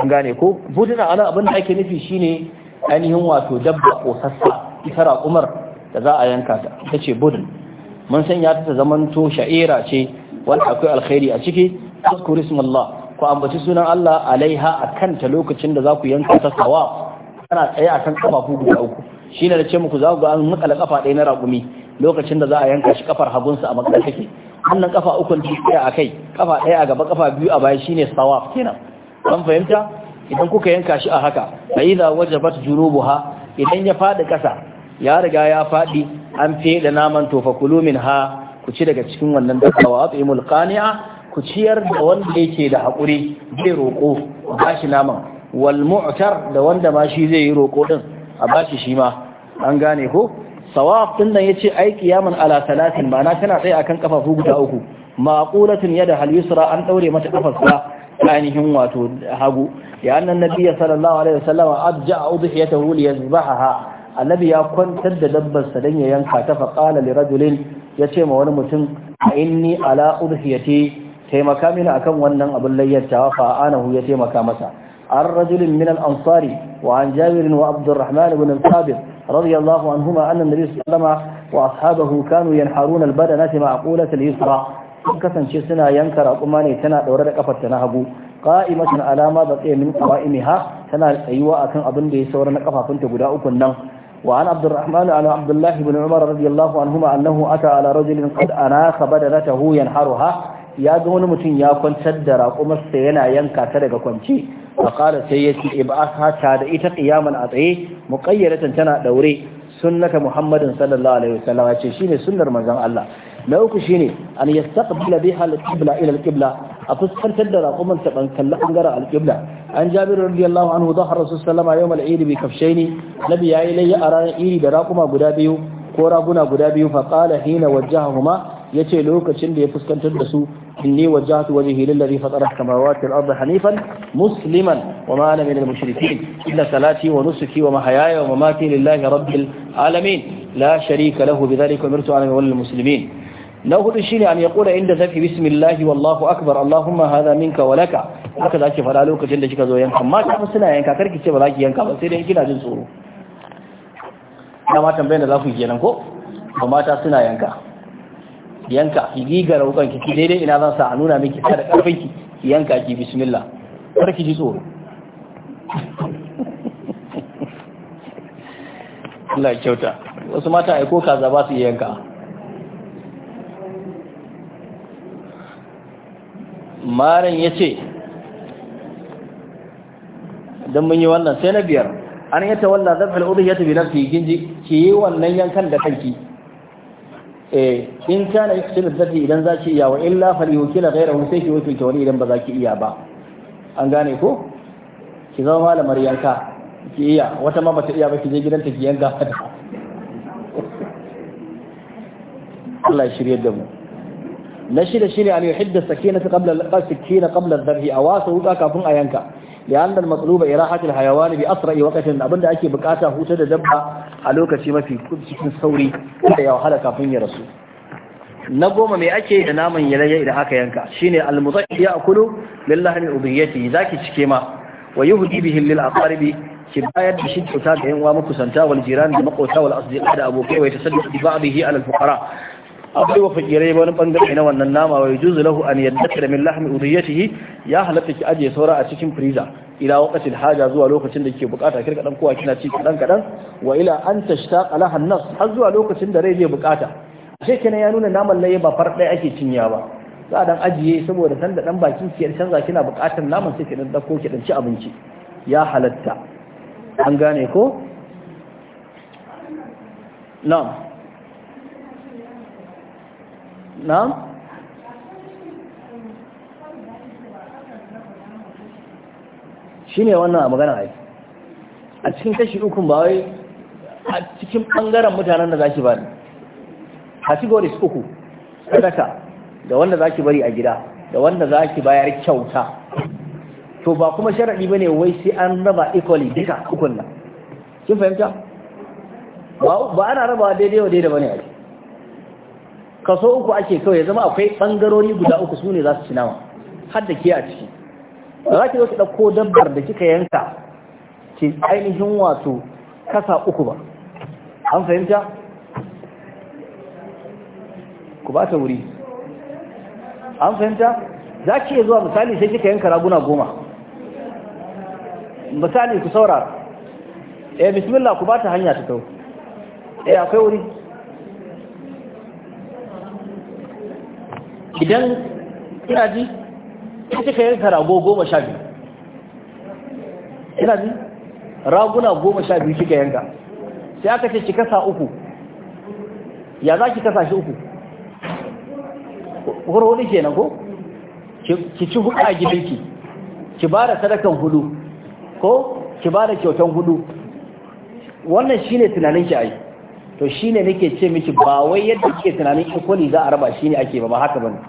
an gane ko budina ana abin da ake nufi shine ainihin wato dabba ko sassa ita raƙumar da za a yanka ta tace budin mun mun sanya ta ta zamanto sha'ira ce wal akwai alkhairi a ciki tazkuru ismallah ku ambaci sunan Allah alaiha akan ta lokacin da za ku yanka ta sawa kana tsaye akan kafafu guda uku shine da ce muku za ku ga an makala kafa ɗaya na raƙumi lokacin da za a yanka shi kafar hagunsa a makar take hannun kafa ukun ɗaya a kai kafa ɗaya a gaba kafa biyu a baya shine sawaf kenan an fahimta idan kuka yanka shi a haka fa idza wajabat junubuha idan ya fadi kasa ya riga ya fadi an da naman to fa kulu ku ci daga cikin wannan dabbawa atimul qani'a ku ciyar da wanda yake da hakuri zai roko ba shi naman wal mu'tar da wanda ma shi zai yi roko ɗin, a ba shi shi ma an gane ko sawaf ɗin nan ya ce ai qiyaman ala salatin ma'ana tana tsaye akan kafafu guda uku maqulatun ya da Halisura an ɗaure mata kafarsa ainihin wato hagu ya annan nabiyyi sallallahu alaihi wasallam abja'a udhiyatahu liyazbahaha annabi ya kwantar da dabbar sa dan ya yanka ta fa qala li rajulin yace ma wani mutum inni ala udhiyati taimaka mini akan wannan abin layyantawa fa anahu ya taimaka masa an rajulin min al-ansari وعن جابر وعبد الرحمن بن الثابت رضي الله عنهما أن النبي صلى الله عليه وسلم وأصحابه كانوا ينحرون البدنة معقولة اليسرى kasance suna yanka raƙuma ne tana ɗaure da ƙafar na hagu qa'imatan alama da tsaye min qa'imiha tana tsayuwa akan abin da ya saura na kafafunta guda uku nan wa an abdurrahman an abdullahi ibn umar radiyallahu anhuma annahu ata ala rajulin qad anakha badanatahu yanharuha ya ga wani mutum ya kwantar da raƙumarsa yana yanka ta daga kwanci فقال سيدي ابعثها da ita قياما a tsaye تنا دوري سنة محمد صلى الله عليه وسلم يتي شيني سنة منزان الله na uku shine an yastaqbila biha al-qibla ila al-qibla a fuskantar da raƙuman ta ban kalla bangaren al an jabir radiyallahu anhu dhahar rasul sallama yawm al-eid bi kafshaini nabi yayi layya a ranar iri da raƙuma guda biyu ko raguna guda biyu fa qala hina ya ce lokacin da ya fuskantar da su إني وجهت وجهي للذي فطر السماوات والأرض حنيفا مسلما وما أنا من المشركين إن صلاتي ونسكي ومحياي ومماتي لله رب العالمين لا شريك له بذلك أمرت أنا من المسلمين نأخذ الشيء أن يقول عند ذلك بسم الله والله أكبر اللهم هذا منك ولك هكذا ake fara lokacin da kika zo yanka amma ta fa suna yanka karki ce ba za ki yanka ba sai dai kina jin tsoro dama tambayar da za ku yi kenan ko ba mata suna yanka yanka ki giga raukan ki daidai ina zan sa a nuna miki ta da karfin ki ki yanka ki bismillah kar ki ji tsoro Allah ya kyauta wasu mata ai ko kaza ba su yanka malam yace dan mun yi wannan sai na biyar an yata walla zabhal udhiyati bi nafsi kinji ki yi wannan yankan da kanki eh in kana yaktil zati idan zaki iya wa illa falyukila ghayrahu sai ki wakilta wani idan ba zaki iya ba an gane ko ki zama malamar yanka ki iya wata ma bata iya ba ki je gidanta ki yanka Allah ya shirye da mu na shida shine an yuhidda sakinata qabla al-qasd kina qabla al-dhabhi awasu wuka kafin a yanka لأن المطلوب إراحة الحيوان بأسرع وقت أبدا أكي بكاتا هوتا دبا ألوكا شما في كل سكن ثوري كل يوحل كافين يا رسول نقوم مي أكي ناما يلي إذا هكا ينكا شيني المضحي يأكل لله من أضيته ذاك شكيما ويهدي به للأقارب كباية بشد حتاب إنوا مكسنتا والجيران بمقوتا والأصدقاء أبو كي ويتسلق ببعضه على الفقراء abai wa fakirai wani bangare na wannan nama wa juzu lahu an da min lahmi udiyatihi ya halatta ki ajiye saura a cikin freezer ila waqtil haja zuwa lokacin da kike bukata kirka dan kowa kina ci kadan kadan wa ila an tashtaqa laha an-nas har zuwa lokacin da rai zai bukata ashe kenan ya nuna naman laye ba far ɗaya ake cinya ba za dan ajiye saboda sanda dan bakin ki canza kina bukatar naman sai ki dan dauko ki dan ci abinci ya halatta an gane ko na'am نعم shine wannan a magana ai a cikin kashi ukun ba wai a cikin bangaren mutanen da zaki bari categories uku sadaka da wanda zaki bari a gida da wanda zaki bayar kyauta to ba kuma sharadi bane wai sai an raba equally duka ukun nan kin fahimta ba ana rabawa daidai wa daidai bane ai kaso uku ake kawai zama akwai bangarori guda uku sune za su ci nama har da ke a ciki ba za ki zo ki ɗauko dabbar da kika yanka ki ainihin wato kasa uku ba an fahimta ku ba ta wuri an fahimta za ki iya zuwa misali sai kika yanka raguna goma misali ku saurara eh bismillah ku ba ta hanya ta kawo eh akwai wuri idan ina ji ta cika yanka rago goma sha biyu ina ji raguna goma sha biyu kika yanka sai aka ce ki kasa uku ya za ki kasa shi uku hurhudu kenan ko ki ci hudu a gidanki ki ba da sadakan hudu ko ki ba da kyautan hudu wannan shine tunanin ki ai to shi ne nake ce miki ba wai yadda kike tunanin equally za a raba shi ne ake ba ba haka bane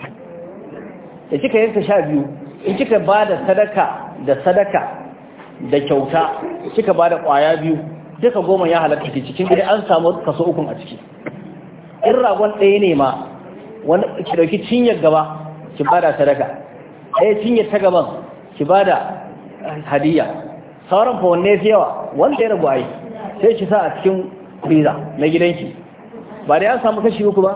da kika yanka sha biyu in kika bada sadaka da sadaka da kyauta kika bada kwaya biyu duka goma ya halatta ke cikin gida an samu kaso ukun a ciki in ragon ɗaya ne ma wani ki dauki cinyar gaba ki bada sadaka ɗaya cinyar ta gaban ki bada hadiyya sauran fa wanne yawa wanda ya rabu yi sai ki sa a cikin freezer na gidanki ba da ya samu kashi uku ba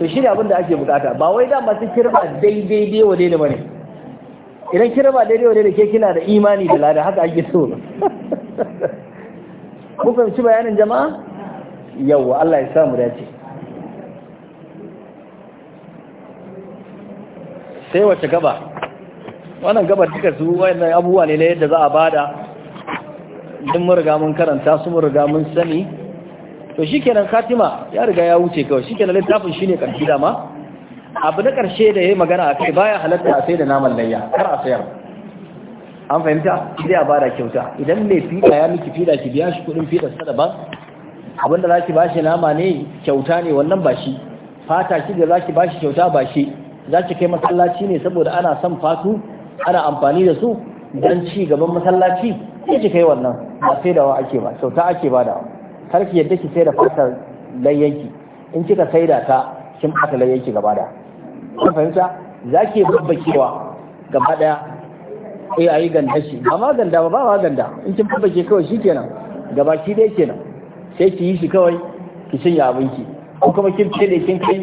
to shi ne abin da ake bukata ba wai dama sun kirba daidai da yau daidai ba ne idan kirba daidai wa daidai ke kina da imani da lada haka ake so ku fahimci bayanin jama'a wa Allah ya samu dace sai wacce gaba wannan gabar duka su wayannan abubuwa ne na yadda za a bada din mun riga mun karanta su mun riga mun sani to shikenan katima ya riga ya wuce kawai shikenan littafin shine karfi dama abu na karshe da yayi magana akai baya halatta a sai da naman layya kar a sayar an fahimta sai a bada kyauta idan mai fida ya miki fida ki biya shi kudin fida sa daban abinda zaki bashi nama ne kyauta ne wannan ba shi fata ki da zaki bashi kyauta ba shi zaki kai masallaci ne saboda ana son fatu ana amfani da su dan ci gaban masallaci sai ki kai wannan ba sai da wa ake ba kyauta ake badawa kar ki yadda ki saida fatar layyanki in kika saida ta kin fata layyanki gaba da kun fahimta zaki babbakewa gaba da eh ayi ganda shi ba ma ganda ba ba ganda in kin babbake kawai shikenan gaba shi dai kenan sai ki yi shi kawai ki cinye abinki ko kuma kin ce da kin kai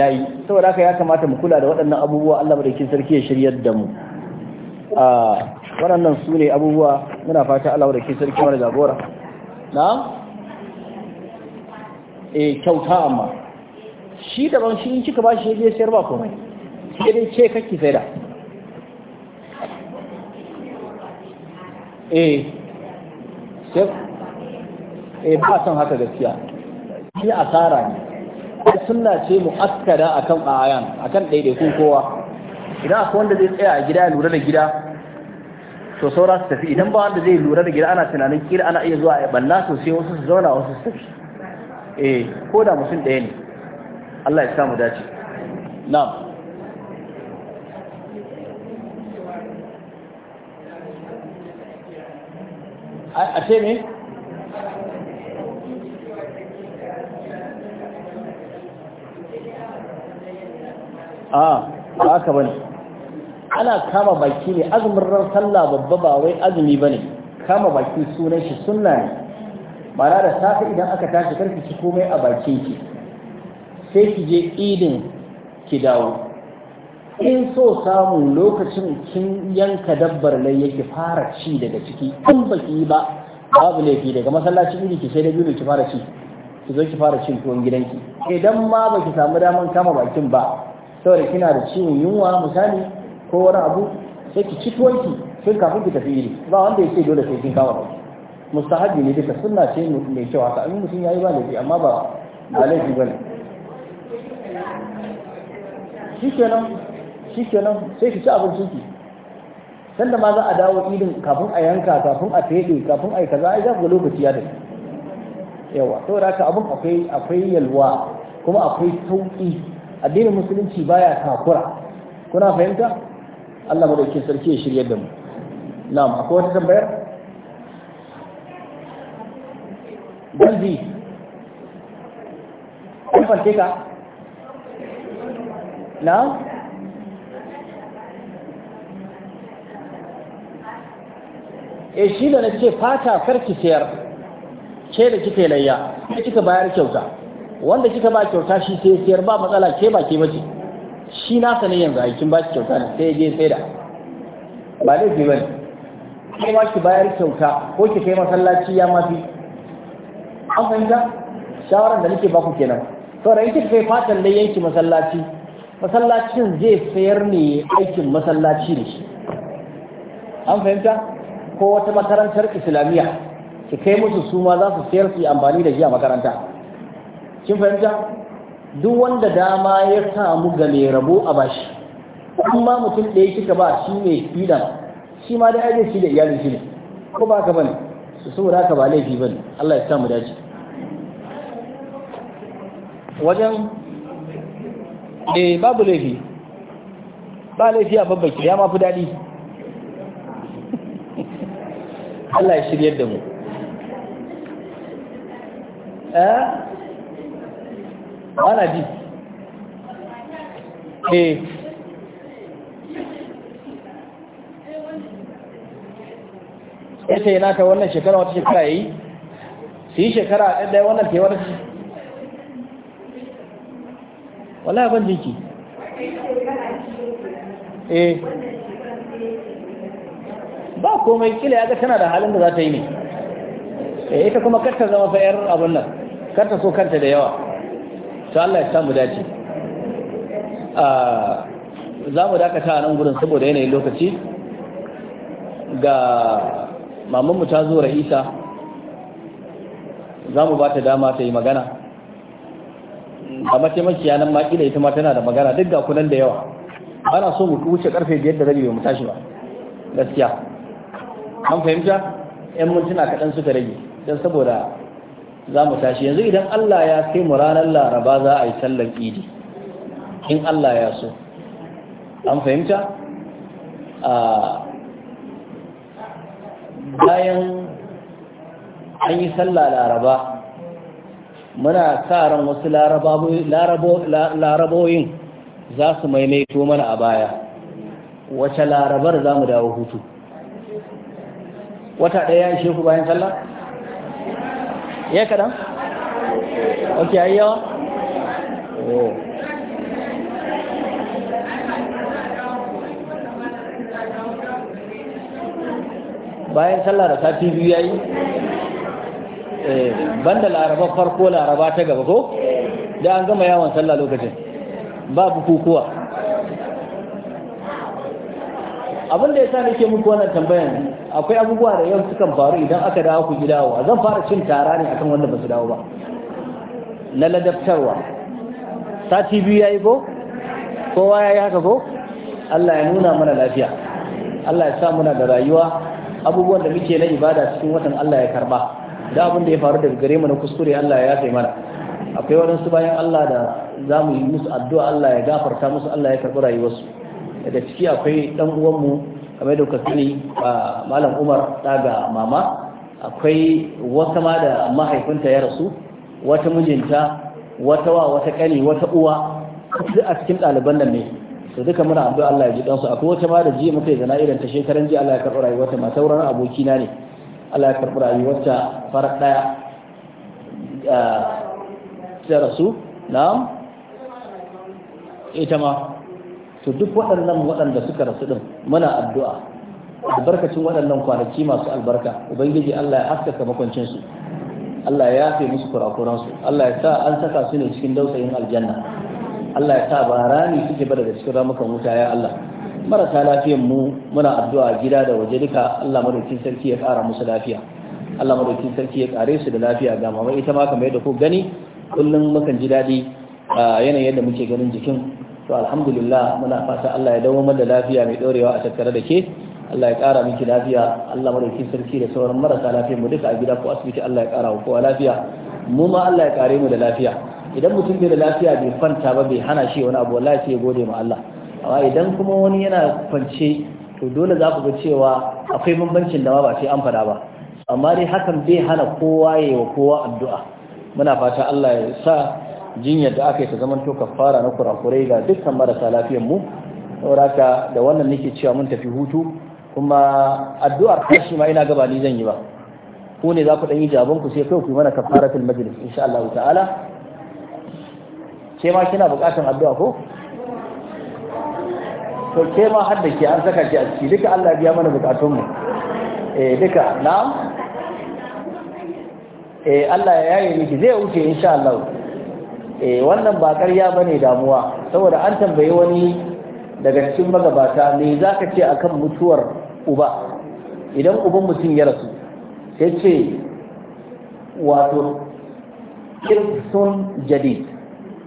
yayi saboda haka ya kamata mu kula da waɗannan abubuwa Allah madaukakin sarki ya shiryar da mu a ah, waɗannan su ne abubuwa muna fata Allah madaukakin sarki mana jagora na'am eh kyauta amma shi daban shi in kika bashi shi zai sayar ba komai sai dai ce kake ki da eh eh ba son haka gaskiya shi asara ne sunna ce mu mu'akkada akan ayan akan ɗaiɗaikun kowa idan akwai wanda zai tsaya a gida lura da gida to saura su tafi idan ba wanda zai lura da gida ana tunanin kila ana iya zuwa a yabanna to sai wasu su zauna wasu su tafi eh ko da mutum ɗaya ne Allah ya samu dace na'am a ce ne a ba ana kama baki ne azumin ran sallah babba ba wai azumi bane kama baki sunan shi sunna ne mana da safe idan aka tashi ki ci komai a bakin ki sai ki je idin ki dawo in so samu lokacin kin yanka dabbar lai yake fara ci daga ciki in baki yi ba babu laifi daga masallaci iri ki sai da biyu ki fara ci ki zo ki fara cin tuwon gidanki idan ma baki samu daman kama bakin ba saboda kina da ciwon yunwa misali ko wani abu sai ki ci tuwon ki sai kafin ki tafi iri ba wanda ya ce dole sai kin kama bakin mustahabi ne duka sunna ce mai kyau haka amin mutum yayi ba laifi amma ba ba laifi bane shikenan shikenan sai ki ci abincin ki sanda ma za a dawo idin kafin a yanka kafin a fede kafin a yi kaza ai za ku lokaci ya da yawa da haka abin akwai akwai yalwa kuma akwai sauki addinin musulunci baya takura kuna fahimta Allah dauke sarki ya shirye da mu na'am akwai wata tambayar walbi kun fante ka na e shi da na ce fata karki sayar ce da kika layya ke kika bayar kyauta wanda kika ba kyauta shi sai sayar ba matsala ke ba ke mace shi na sanin yanzu aikin ba shi kyauta ne sai je sai da ba laifi ne kuma ki bayar kyauta ko ki kai masallaci ya mafi an fahimta shawaran da nake baku kenan to da yake kai fatan da yanki masallaci masallacin zai sayar ne aikin masallaci ne an fahimta ko wata makarantar islamiyya ki kai musu su ma za su sayar su yi amfani da shi a makaranta kin fahimta duk wanda dama ya samu ga mai rabo a bashi amma mutum ɗaya kika ba shi ne fidan shi ma da aje shi da iyalin shi ne ko ba ka bane su saboda ka ba laifi bane Allah ya samu dace wajen eh babu laifi ba laifi a babbaki ya mafi daɗi Allah ya shiryar da mu eh wana ji eh ya ce yana ta wannan shekara wata shekara ya yi su yi shekara ɗaya wannan ke wata shekara wala ban jinki eh ba komai kila ya ga tana da halin da za ta yi ne eh ita kuma karta zama fa yar abun nan karta so kanta da yawa to Allah ya samu dace a ah, za mu dakata a nan gurin saboda yanayin lokaci ga mamanmu ta zo ra'isa za mu ba ta dama ta yi magana a mace nan ma ita ma tana da magana duk ga kunan da yawa ana so mu wuce karfe biyar da rabi mu tashi ba gaskiya an fahimta yan mintuna kaɗan suka rage don saboda za mu tashi yanzu idan Allah ya kai mu ranar laraba za a yi sallar idi in Allah ya so an fahimta a bayan an yi sallah laraba muna sa ran wasu larabawoyin za su maimaito mana a baya wace larabar za mu dawo hutu wata ɗaya ishe ku bayan sallah ya kaɗan? ok ayi yawa? Oh. bayan sallah da sati biyu yayi Eh, banda laraba farko laraba ta gaba ko da an gama yawon sallah lokacin ba bukukuwa abin da ya sa nake muku wannan tambayan akwai abubuwa da yau sukan faru idan aka dawo ku gidawa zan fara cin tara ne akan wanda ba su dawo ba na ladabtarwa sati biyu ya yi ko kowa ya yi haka ko Allah ya nuna mana lafiya Allah ya sa muna da rayuwa abubuwan da muke na ibada cikin watan Allah ya karba da abin da ya faru daga gare mu na kuskure Allah ya yafe mana akwai waɗansu bayan Allah da za mu yi musu addu'a Allah ya gafarta musu Allah ya karɓi rayuwarsu daga ciki akwai ɗan uwanmu kamar da sani a malam umar ga mama akwai wata ma da mahaifinta ya rasu wata mijinta wata wa wata ƙani wata uwa duk a cikin ɗaliban nan ne to duka muna addu'a Allah ya ji ɗansu akwai wata ma da jiya mutai zana irin ta shekaran jiya Allah ya karɓi rayuwarta ma sauran abokina ne Allah ya karɓi rayuwarta fara ɗaya tsara su na ita ma to duk waɗannan waɗanda suka rasu ɗin muna addu'a albarkacin waɗannan kwanaki masu albarka ubangiji Allah ya haskaka su Allah ya yafe musu kurakuransu Allah ya sa an saka su ne cikin dausayin aljanna Allah ya sa ba rani suke bada da cikin ramukan wuta ya Allah marasa lafiyan mu muna addu'a gida da waje duka Allah madaukin sarki ya ƙara musu lafiya Allah madaukin sarki ya ƙare su da lafiya ga mama ita ma kamar yadda ku gani kullum mukan ji daɗi yanayin yadda muke ganin jikin to alhamdulillah muna fata Allah ya dawo da lafiya mai ɗorewa a tattare da ke Allah ya ƙara miki lafiya Allah madaukin sarki da sauran marasa lafiyan mu duka a gida ko asibiti Allah ya ƙara wa kowa lafiya mu ma Allah ya ƙare mu da lafiya idan mutum bai da lafiya bai fanta ba bai hana shi wani abu wallahi sai ya gode ma Allah amma idan kuma wani yana kwance to dole za ku ga cewa akwai bambancin da ba sai an fada ba amma dai hakan bai hana kowa ya wa kowa addu'a muna fata Allah ya sa jinyar da aka yi ta zaman to kafara na kurakurai ga dukkan marasa lafiyar mu saboda da wannan nake cewa mun tafi hutu kuma addu'ar shi ma ina gaba ni zan yi ba ku ne za ku ɗan yi jabon ku sai kai ku yi mana kafaratul majlis insha Allah ta'ala sai ma kina buƙatar addu'a ko to ke ma har da ke an saka ki a ciki duka Allah biya mana bukatunmu eh duka na eh Allah ya yaye miki zai wuce insha Allah eh wannan ba ƙarya bane damuwa saboda an tambaye wani daga cikin magabata me zaka ce akan mutuwar uba idan uban mutum ya rasu sai ce wato kirsun jadid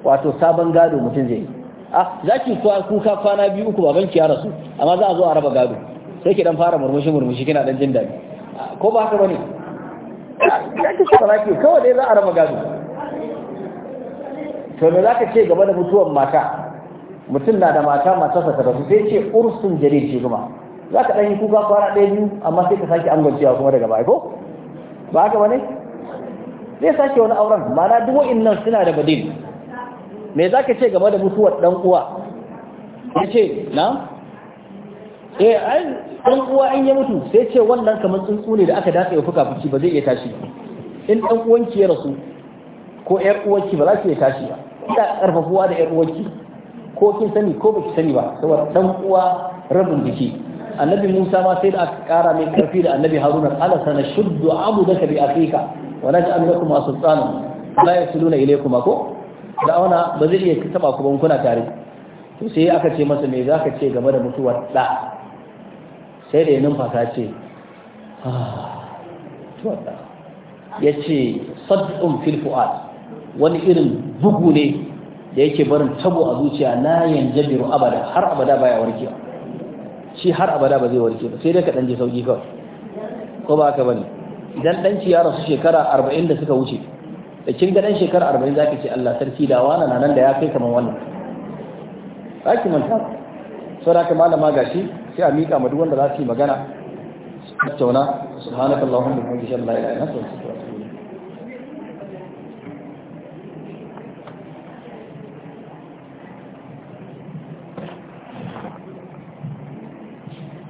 wato sabon gado mutum zai yi a ah, zaki kuka kwana biyu uku baban ki ya rasu amma za a zo a raba gado sai ki dan fara murmushi murmushi kina dan jin dadi ah, ko ba haka bane zaki fara ki kawai dai za a raba gado to me zaka ce game da mutuwan mata mutum na da mata matarsa ta rasu sai ce ursun jarir ce kuma za ka ɗan yi kuka kwana ɗaya biyu amma sai ka sake angancewa kuma daga baya ko ba haka bane zai sake wani auren mana duk wa'annan suna da badin me za ka ce game da mutuwar ɗan uwa ya ce na? eh an ɗan uwa in ya mutu sai ce wannan kamar tsuntsu ne da aka datsa ya fuka fuki ba zai iya tashi in ɗan uwanki ya rasu ko ƴar uwanki ba za su iya tashi ba ina ƙarfafuwa da ƴar uwanki ko kin sani ko baki sani ba saboda ɗan uwa rabin jiki annabi Musa ma sai da aka ƙara mai ƙarfi da annabi Haruna ala sana shuddu abu da ka bi afika wa naj'al lakum sultana la yasiluna kuma ko fir'auna ba zai iya taba ku ban kuna tare to sai aka ce masa me zaka ce game da mutuwar da sai da ya numfasa ce mutuwar da ya ce ah, saddun fil fu'ad wani irin bugu ne da yake barin tabo a zuciya na yanjabiru abada har abada baya warkewa shi har abada ba zai warke ba sai dai ka dan je sauki kawai ko ba ka bane idan danci ya rasu shekara 40 da suka wuce da kin ga dan shekara arba'in za ka ce Allah sarki da wani na nan da ya kai kamar wannan za ki manta sau da ka malama gashi sai a miƙa ma duk wanda za su yi magana su tattauna subhanakallahumma wa bihamdika la ilaha illa anta astaghfiruka